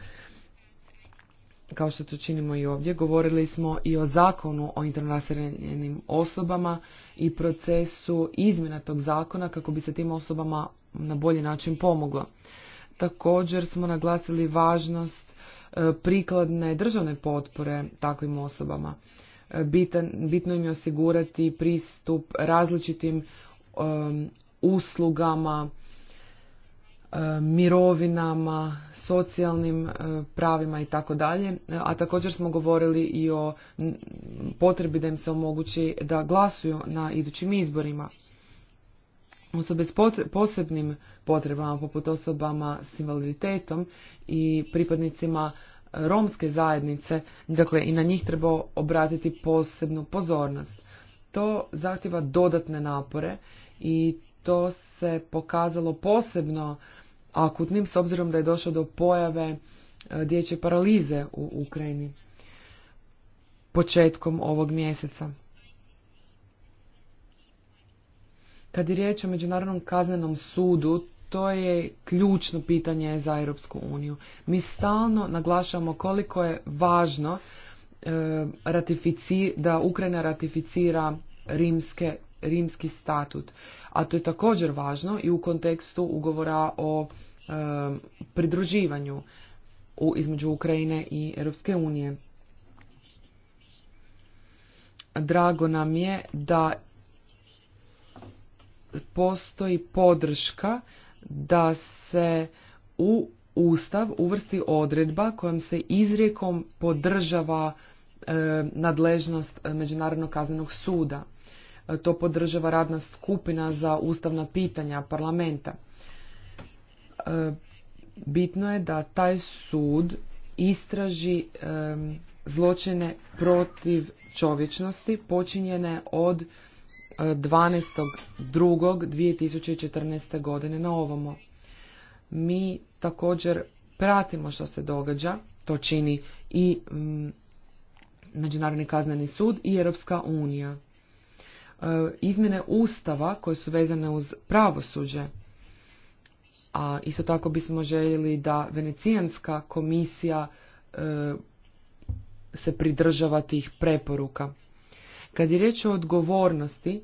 kao što to činimo i ovdje. Govorili smo i o zakonu o interno raseljenim osobama i procesu izmjena tog zakona kako bi se tim osobama na bolji način pomoglo. Također smo naglasili važnost e, prikladne državne potpore takvim osobama. E, bitno im je osigurati pristup različitim um, uslugama, um, mirovinama, socijalnim uh, pravima i tako dalje, a također smo govorili i o potrebi da im se omogući da glasuju na idućim izborima. Osobe s posebnim potrebama, poput osobama s invaliditetom i pripadnicima romske zajednice, dakle i na njih treba obratiti posebnu pozornost. To zahtjeva dodatne napore i to se pokazalo posebno akutnim s obzirom da je došlo do pojave e, dječje paralize u Ukrajini početkom ovog mjeseca. Kad je riječ o Međunarodnom kaznenom sudu, to je ključno pitanje za Europsku uniju. Mi stalno naglašamo koliko je važno e, da Ukrajina ratificira rimske rimski statut, a to je također važno i u kontekstu ugovora o pridruživanju u, između Ukrajine i Europske unije. Drago nam je da postoji podrška da se u Ustav uvrsti odredba kojom se izrijekom podržava nadležnost Međunarodnog kaznenog suda to podržava radna skupina za ustavna pitanja parlamenta. E, bitno je da taj sud istraži zločine protiv čovječnosti počinjene od 12.2.2014. E, godine na ovomu. Mi također pratimo što se događa, to čini i mm, Međunarodni kazneni sud i Europska unija. E, izmjene ustava koje su vezane uz pravosuđe. A isto tako bismo željeli da venecijanska komisija e, se pridržava tih preporuka. Kad je riječ o odgovornosti,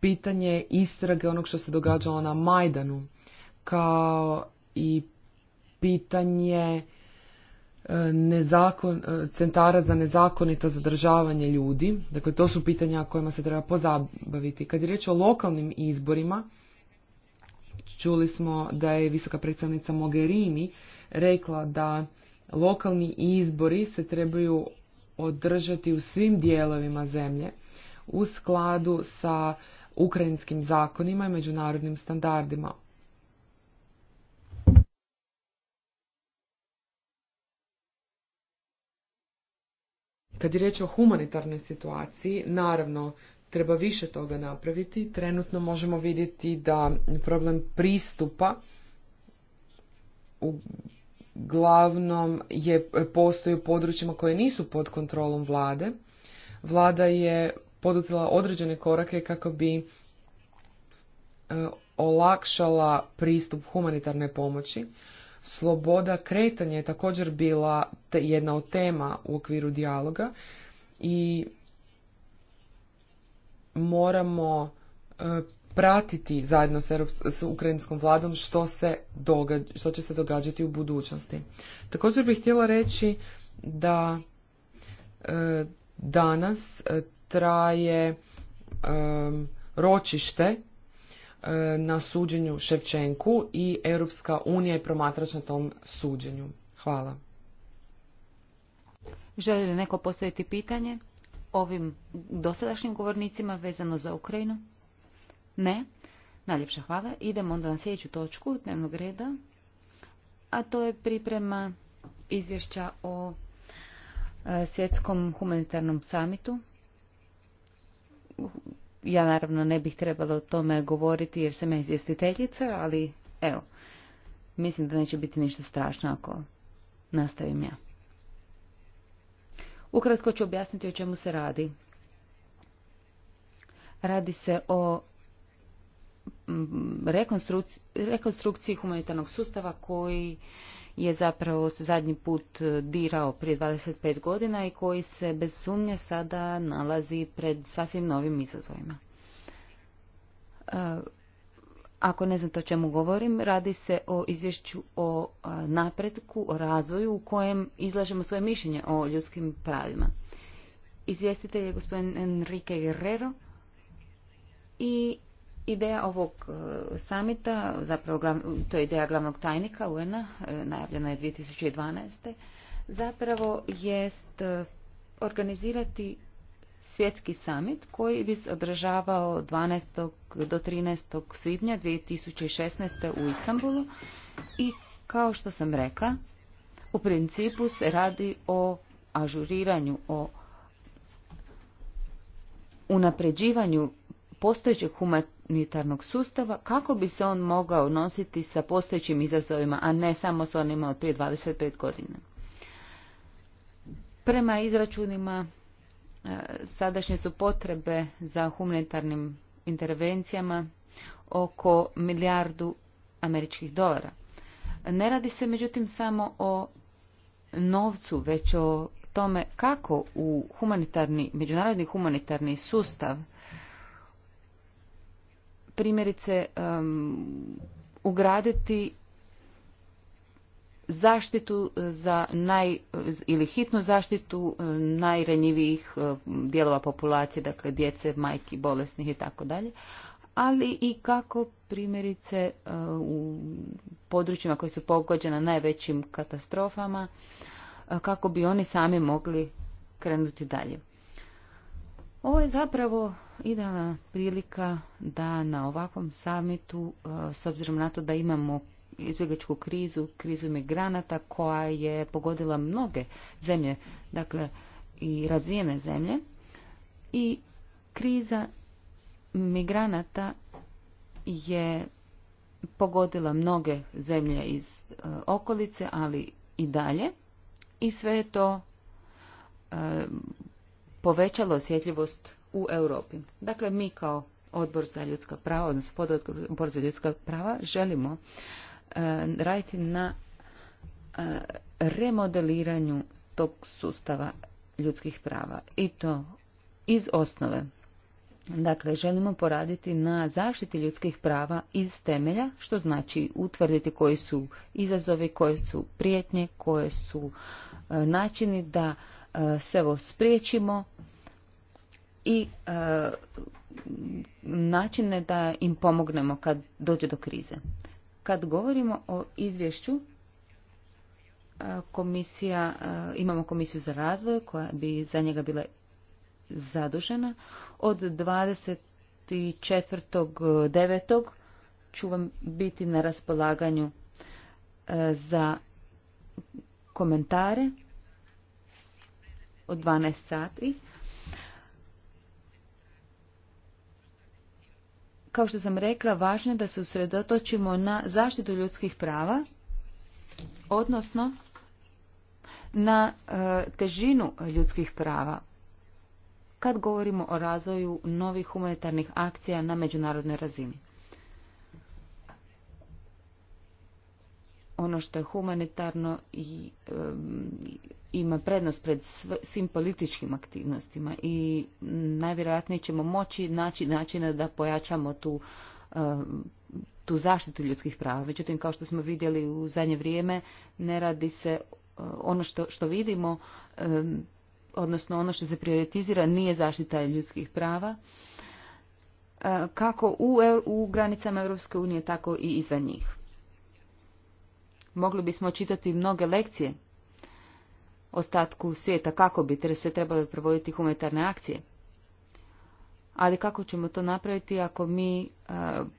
pitanje istrage onog što se događalo na Majdanu, kao i pitanje E, nezakon, e, centara za nezakonito zadržavanje ljudi. Dakle, to su pitanja kojima se treba pozabaviti. Kad je riječ o lokalnim izborima, čuli smo da je visoka predstavnica Mogherini rekla da lokalni izbori se trebaju održati u svim dijelovima zemlje u skladu sa ukrajinskim zakonima i međunarodnim standardima. Kad je riječ o humanitarnoj situaciji, naravno, treba više toga napraviti. Trenutno možemo vidjeti da problem pristupa uglavnom je, postoji u područjima koje nisu pod kontrolom vlade. Vlada je poduzela određene korake kako bi e, olakšala pristup humanitarne pomoći Sloboda kretanja je također bila jedna od tema u okviru dijaloga i moramo e, pratiti zajedno s, ukrajinskom vladom što, se što će se događati u budućnosti. Također bih htjela reći da e, danas e, traje ročište E, na suđenju Ševčenku i Europska unija je promatrač na tom suđenju. Hvala. Želi li neko postaviti pitanje ovim dosadašnjim govornicima vezano za Ukrajinu? Ne? Najljepša hvala. Idemo onda na sljedeću točku dnevnog reda, a to je priprema izvješća o e, svjetskom humanitarnom samitu ja naravno ne bih trebala o tome govoriti jer sam ja izvjestiteljica, ali evo, mislim da neće biti ništa strašno ako nastavim ja. Ukratko ću objasniti o čemu se radi. Radi se o mm, rekonstrukciji humanitarnog sustava koji je zapravo zadnji put e, dirao prije 25 godina i koji se bez sumnje sada nalazi pred sasvim novim izazovima. E, ako ne znate o čemu govorim, radi se o izvješću o e, napretku, o razvoju u kojem izlažemo svoje mišljenje o ljudskim pravima. Izvjestitelj je gospodin Enrique Guerrero i Ideja ovog e, samita, zapravo to je ideja glavnog tajnika UN-a, e, najavljena je 2012. Zapravo jest e, organizirati svjetski samit koji bi se održavao 12. do 13. svibnja 2016. u Istanbulu i kao što sam rekla, u principu se radi o ažuriranju, o unapređivanju postojećeg monetarnog sustava kako bi se on mogao nositi sa postojećim izazovima, a ne samo s onima od prije 25 godina. Prema izračunima e, sadašnje su potrebe za humanitarnim intervencijama oko milijardu američkih dolara. Ne radi se međutim samo o novcu, već o tome kako u humanitarni, međunarodni humanitarni sustav primjerice ugraditi zaštitu e, za naj ili hitnu zaštitu e, najranjivijih e, dijelova populacije, dakle djece, majki, bolesnih i tako dalje, ali i kako primjerice u područjima koje su pogođena najvećim katastrofama, kako bi oni sami mogli krenuti dalje. Ovo je zapravo idealna prilika da na ovakvom samitu, e, s obzirom na to da imamo izbjegličku krizu, krizu migranata koja je pogodila mnoge zemlje, dakle i razvijene zemlje, i kriza migranata je pogodila mnoge zemlje iz e, okolice, ali i dalje. I sve je to e, povećalo osjetljivost u Europi. Dakle, mi kao odbor za ljudska prava, odnosno pododbor za ljudska prava, želimo e, raditi na e, remodeliranju tog sustava ljudskih prava. I to iz osnove. Dakle, želimo poraditi na zaštiti ljudskih prava iz temelja, što znači utvrditi koji su izazovi, koje su prijetnje, koje su e, načini da E, sevo ovo spriječimo i e, načine da im pomognemo kad dođe do krize. Kad govorimo o izvješću, e, komisija, imamo komisiju za razvoj koja bi za njega bila zadužena. Od 24.9. ću vam biti na raspolaganju za komentare od 12 sati. Kao što sam rekla, važno je da se usredotočimo na zaštitu ljudskih prava, odnosno na e, težinu ljudskih prava kad govorimo o razvoju novih humanitarnih akcija na međunarodnoj razini. ono što je humanitarno i ima prednost pred svim političkim aktivnostima i najvjerojatnije ćemo moći naći načina da pojačamo tu tu zaštitu ljudskih prava. Međutim, kao što smo vidjeli u zadnje vrijeme, ne radi se ono što, vidimo, odnosno ono što se prioritizira, nije zaštita ljudskih prava, kako u, u granicama Europske unije, tako i izvan njih. Mogli bismo čitati mnoge lekcije o ostatku svijeta kako bi se trebale provoditi humanitarne akcije. Ali kako ćemo to napraviti ako mi e,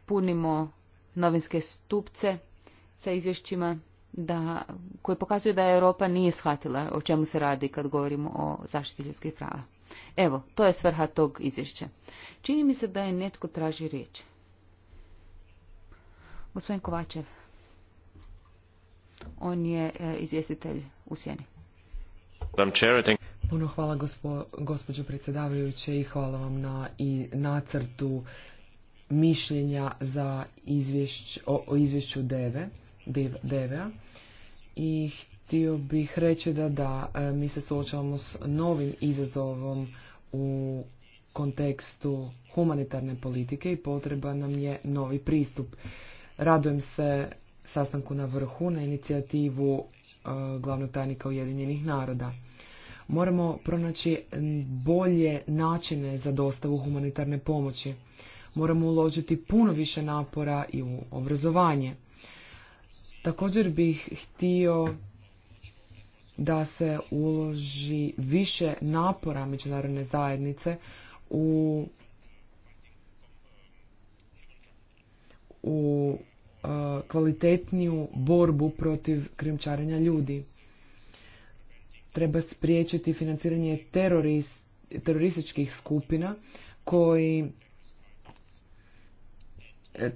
punimo novinske stupce sa izvješćima da, koje pokazuju da Europa nije shvatila o čemu se radi kad govorimo o zaštiti ljudskih prava. Evo, to je svrha tog izvješća. Čini mi se da je netko traži riječ. Gospodin Kovačev. On je e, izvjestitelj u sjeni. Puno hvala gospođo predsjedavajuće i hvala vam na i nacrtu mišljenja za izvješć, o, izvješću Deve, I htio bih reći da da, e, mi se suočavamo s novim izazovom u kontekstu humanitarne politike i potreba nam je novi pristup. Radujem se sastanku na vrhu na inicijativu e, glavnog tajnika Ujedinjenih naroda. Moramo pronaći bolje načine za dostavu humanitarne pomoći. Moramo uložiti puno više napora i u obrazovanje. Također bih htio da se uloži više napora međunarodne zajednice u u Eh, kvalitetniju borbu protiv krijumčarenja ljudi. Treba spriječiti financiranje terorističkih skupina koji eh, eh,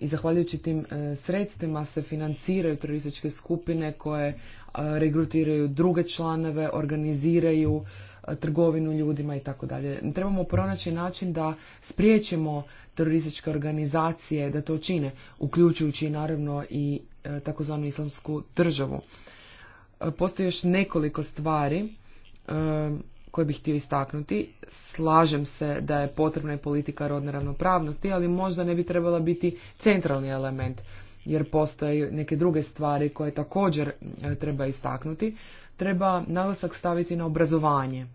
i zahvaljujući tim sredstvima se financiraju terorističke skupine koje regrutiraju druge članove, organiziraju trgovinu ljudima i tako dalje. Trebamo pronaći način da spriječimo terorističke organizacije da to čine, uključujući naravno i e, takozvanu islamsku državu. E, postoji još nekoliko stvari e, koje bih htio istaknuti. Slažem se da je potrebna i politika rodne ravnopravnosti, ali možda ne bi trebala biti centralni element jer postoje neke druge stvari koje također e, treba istaknuti, treba naglasak staviti na obrazovanje.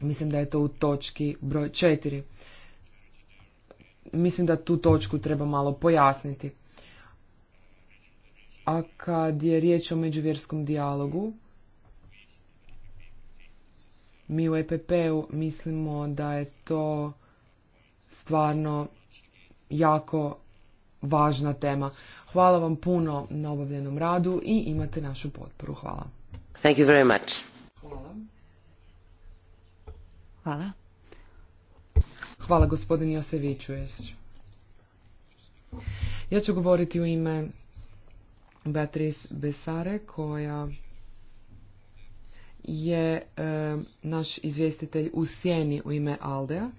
Mislim da je to u točki broj četiri. Mislim da tu točku treba malo pojasniti. A kad je riječ o međuvjerskom dijalogu, mi u EPP-u mislimo da je to stvarno jako važna tema. Hvala vam puno na obavljenom radu i imate našu potporu. Hvala. Thank you very much. Hvala. Hvala. Hvala gospodin Joseviću. Ja ću govoriti u ime Beatrice Besare koja je e, naš izvjestitelj u sjeni u ime Aldea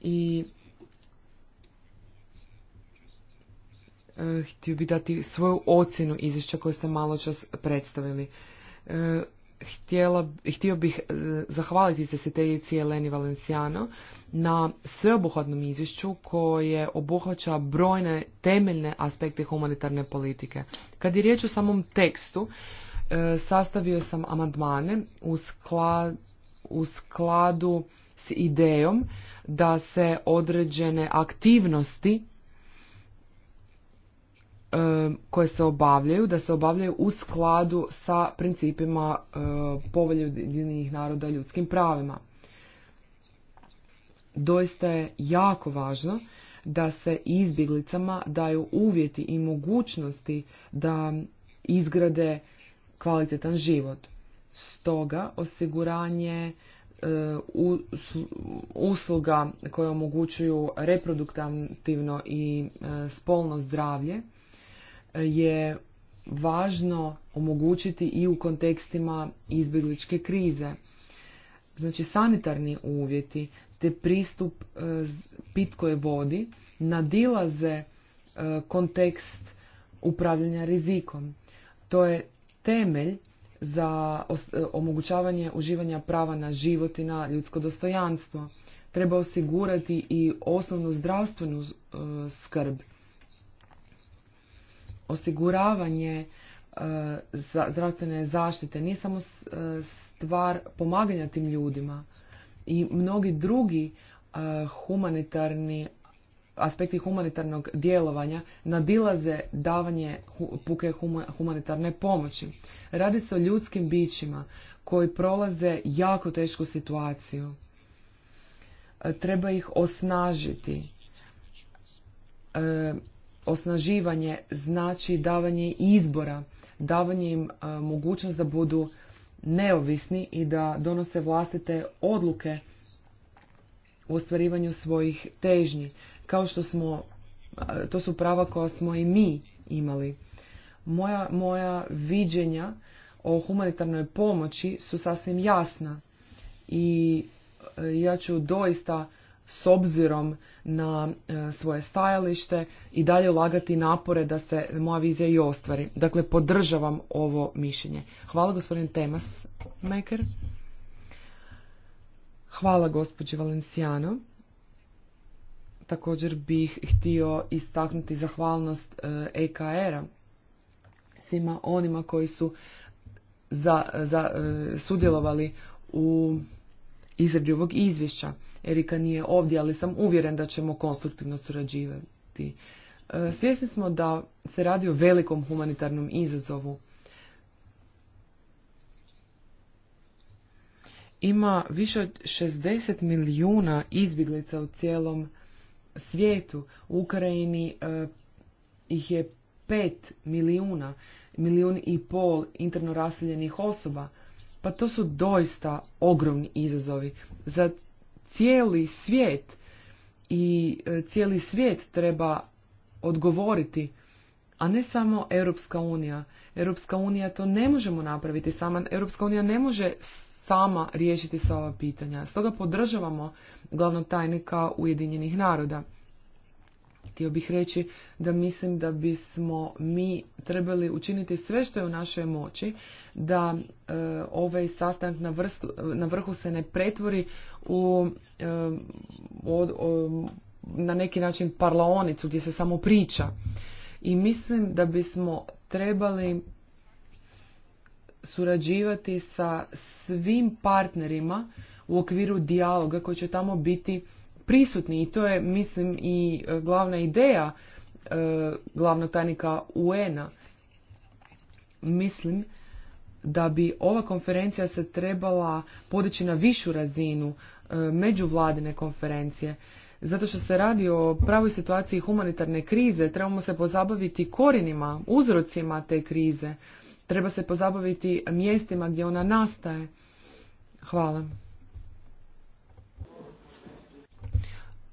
i Eh, htio bi dati svoju ocjenu izvješća koje ste malo čas predstavili. Eh, htjela, htio bih eh, zahvaliti se sjetiteljici Eleni Valenciano na sveobuhvatnom izvješću koje obuhvaća brojne temeljne aspekte humanitarne politike. Kad je riječ o samom tekstu, sastavio sam amandmane u, u skladu s idejom da se određene aktivnosti koje se obavljaju, da se obavljaju u skladu sa principima povelje naroda ljudskim pravima. Doista je jako važno da se izbjeglicama daju uvjeti i mogućnosti da izgrade kvalitetan život. Stoga osiguranje usluga koje omogućuju reproduktivno i spolno zdravlje je važno omogućiti i u kontekstima izbjegličke krize. Znači sanitarni uvjeti te pristup e, pitkoj vodi nadilaze e, kontekst upravljanja rizikom. To je temelj za e, omogućavanje uživanja prava na život i na ljudsko dostojanstvo. Treba osigurati i osnovnu zdravstvenu skrb osiguravanje e, zdravstvene zaštite nije samo e, stvar pomaganja tim ljudima i mnogi drugi e, humanitarni aspekti humanitarnog djelovanja nadilaze davanje puke humanitarne pomoći. Radi se o ljudskim bićima koji prolaze jako tešku situaciju. Treba ih osnažiti osnaživanje znači davanje izbora, davanje im e, mogućnost da budu neovisni i da donose vlastite odluke u ostvarivanju svojih težnji. Kao što smo, e, to su prava koja smo i mi imali. Moja, moja viđenja o humanitarnoj pomoći su sasvim jasna i e, ja ću doista s obzirom na e, svoje stajalište i dalje ulagati napore da se moja vizija i ostvari. Dakle, podržavam ovo mišljenje. Hvala gospodin Temas Maker. Hvala gospođi Valenciano. Također bih htio istaknuti zahvalnost EKR-a e svima onima koji su za, e, sudjelovali u izradi ovog izvješća. Erika nije ovdje, ali sam uvjeren da ćemo konstruktivno surađivati. E, svjesni smo da se radi o velikom humanitarnom izazovu. Ima više od 60 milijuna izbjeglica u cijelom svijetu. U Ukrajini e, ih je 5 milijuna, milijun i pol interno raseljenih osoba pa to su doista ogromni izazovi za cijeli svijet i e, cijeli svijet treba odgovoriti a ne samo Europska unija. Europska unija to ne možemo napraviti sama. Europska unija ne može sama riješiti sva ova pitanja. Stoga podržavamo glavnog tajnika Ujedinjenih naroda. Htio bih reći da mislim da bismo mi trebali učiniti sve što je u našoj moći da e, ovaj sastanak na, na vrhu se ne pretvori e, u na neki način parlaonicu gdje se samo priča. I mislim da bismo trebali surađivati sa svim partnerima u okviru dijaloga koji će tamo biti prisutni i to je, mislim, i e, glavna ideja e, glavnog tajnika UN-a. Mislim da bi ova konferencija se trebala podići na višu razinu e, međuvladine konferencije. Zato što se radi o pravoj situaciji humanitarne krize, trebamo se pozabaviti korinima, uzrocima te krize. Treba se pozabaviti mjestima gdje ona nastaje. Hvala.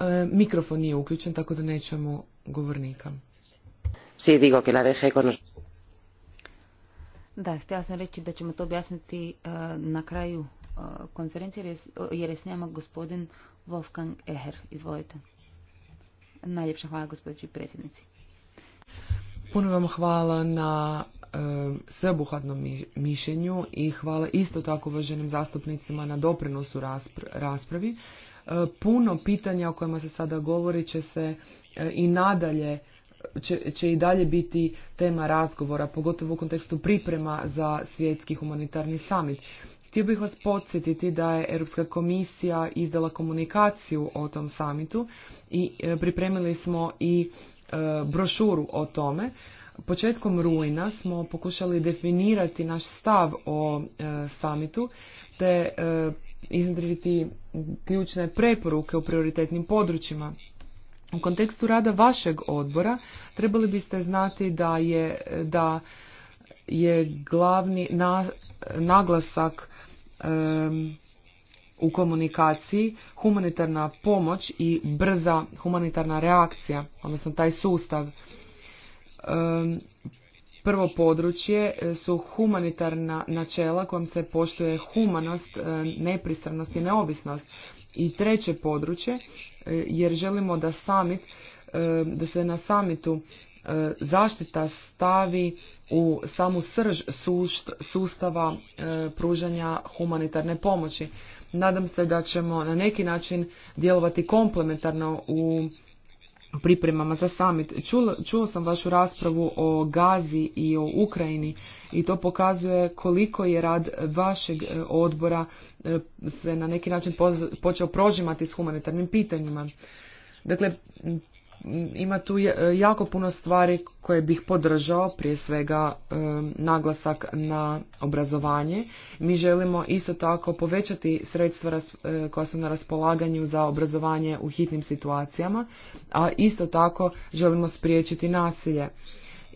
E, mikrofon nije uključen, tako da nećemo govornika. Sí, digo que la deje con Da, htjela sam reći da ćemo to objasniti e, na kraju e, konferencije, jer je, s njama gospodin Wolfgang Eher. Izvolite. Najljepša hvala gospođi predsjednici. Puno vam hvala na uh, sveobuhvatnom mišljenju i hvala isto tako uvaženim zastupnicima na doprinosu raspravi puno pitanja o kojima se sada govori će se e, i nadalje će, će i dalje biti tema razgovora, pogotovo u kontekstu priprema za svjetski humanitarni summit. Htio bih vas podsjetiti da je Europska komisija izdala komunikaciju o tom samitu i e, pripremili smo i e, brošuru o tome. Početkom rujna smo pokušali definirati naš stav o e, samitu te iznadriti ključne preporuke u prioritetnim područjima. U kontekstu rada vašeg odbora trebali biste znati da je, da je glavni naglasak u komunikaciji humanitarna pomoć i brza humanitarna reakcija, odnosno taj sustav. Prvo područje e, su humanitarna načela kojom se poštuje humanost, e, nepristranost i neovisnost. I treće područje, e, jer želimo da summit, da se na samitu zaštita stavi u samu srž sustava pružanja humanitarne pomoći. Nadam se da ćemo na neki način djelovati komplementarno u pripremama za summit. Čuo, čuo sam vašu raspravu o Gazi i o Ukrajini i to pokazuje koliko je rad vašeg e, odbora e, se na neki način počeo prožimati s humanitarnim pitanjima. Dakle, ima tu e, jako puno stvari koje bih podržao, prije svega e, naglasak na obrazovanje. Mi želimo isto tako povećati sredstva e, koja su na raspolaganju za obrazovanje u hitnim situacijama, a isto tako želimo spriječiti nasilje.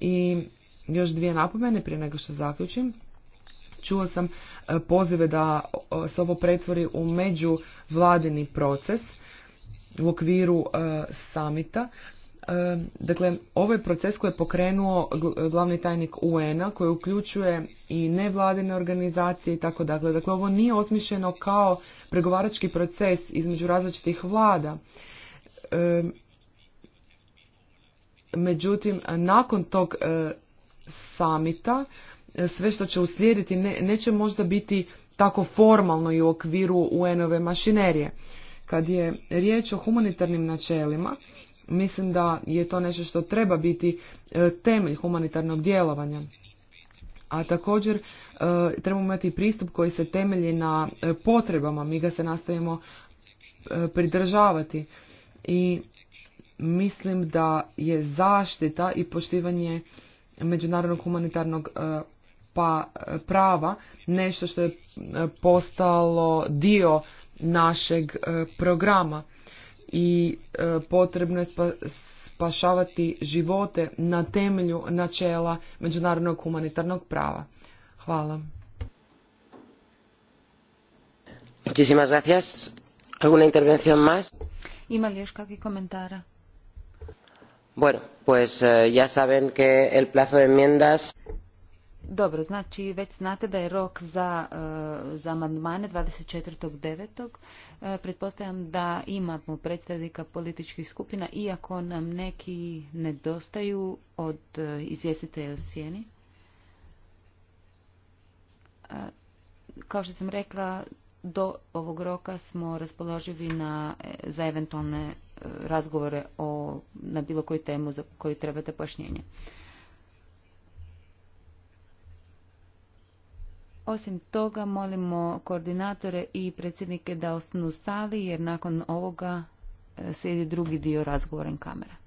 I još dvije napomene prije nego što zaključim. Čuo sam pozive da se ovo pretvori u međuvladini proces u okviru e, samita. E, dakle, ovo je proces koji je pokrenuo glavni tajnik UN-a koji uključuje i nevladine organizacije i tako dakle. Dakle, ovo nije osmišljeno kao pregovarački proces između različitih vlada. E, međutim, nakon tog samita sve što će uslijediti neće možda biti tako formalno i u okviru UN-ove mašinerije. Kad je riječ o humanitarnim načelima, mislim da je to nešto što treba biti e, temelj humanitarnog djelovanja. A također e, trebamo imati pristup koji se temelji na e, potrebama, mi ga se nastavimo pridržavati. I mislim da je zaštita i poštivanje međunarodnog humanitarnog pa prava nešto što je postalo dio našeg e, programa i e, potrebno je spašavati živote na temelju načela međunarodnog humanitarnog prava. Hvala. Muchísimas gracias. ¿Alguna intervención más? Ima li još kakvi komentara? Bueno, pues eh, ya saben que el plazo de enmiendas... Dobro, znači već znate da je rok za, e, za amandmane 24.9. E, pretpostavljam da imamo predstavnika političkih skupina, iako nam neki nedostaju od e, izvjestitelja o sjeni. Kao što sam rekla, do ovog roka smo raspoloživi na, za eventualne razgovore o, na bilo koju temu za koju trebate pojašnjenje. Osim toga, molimo koordinatore i predsjednike da ostanu sali, jer nakon ovoga e, slijedi drugi dio razgovora kamera.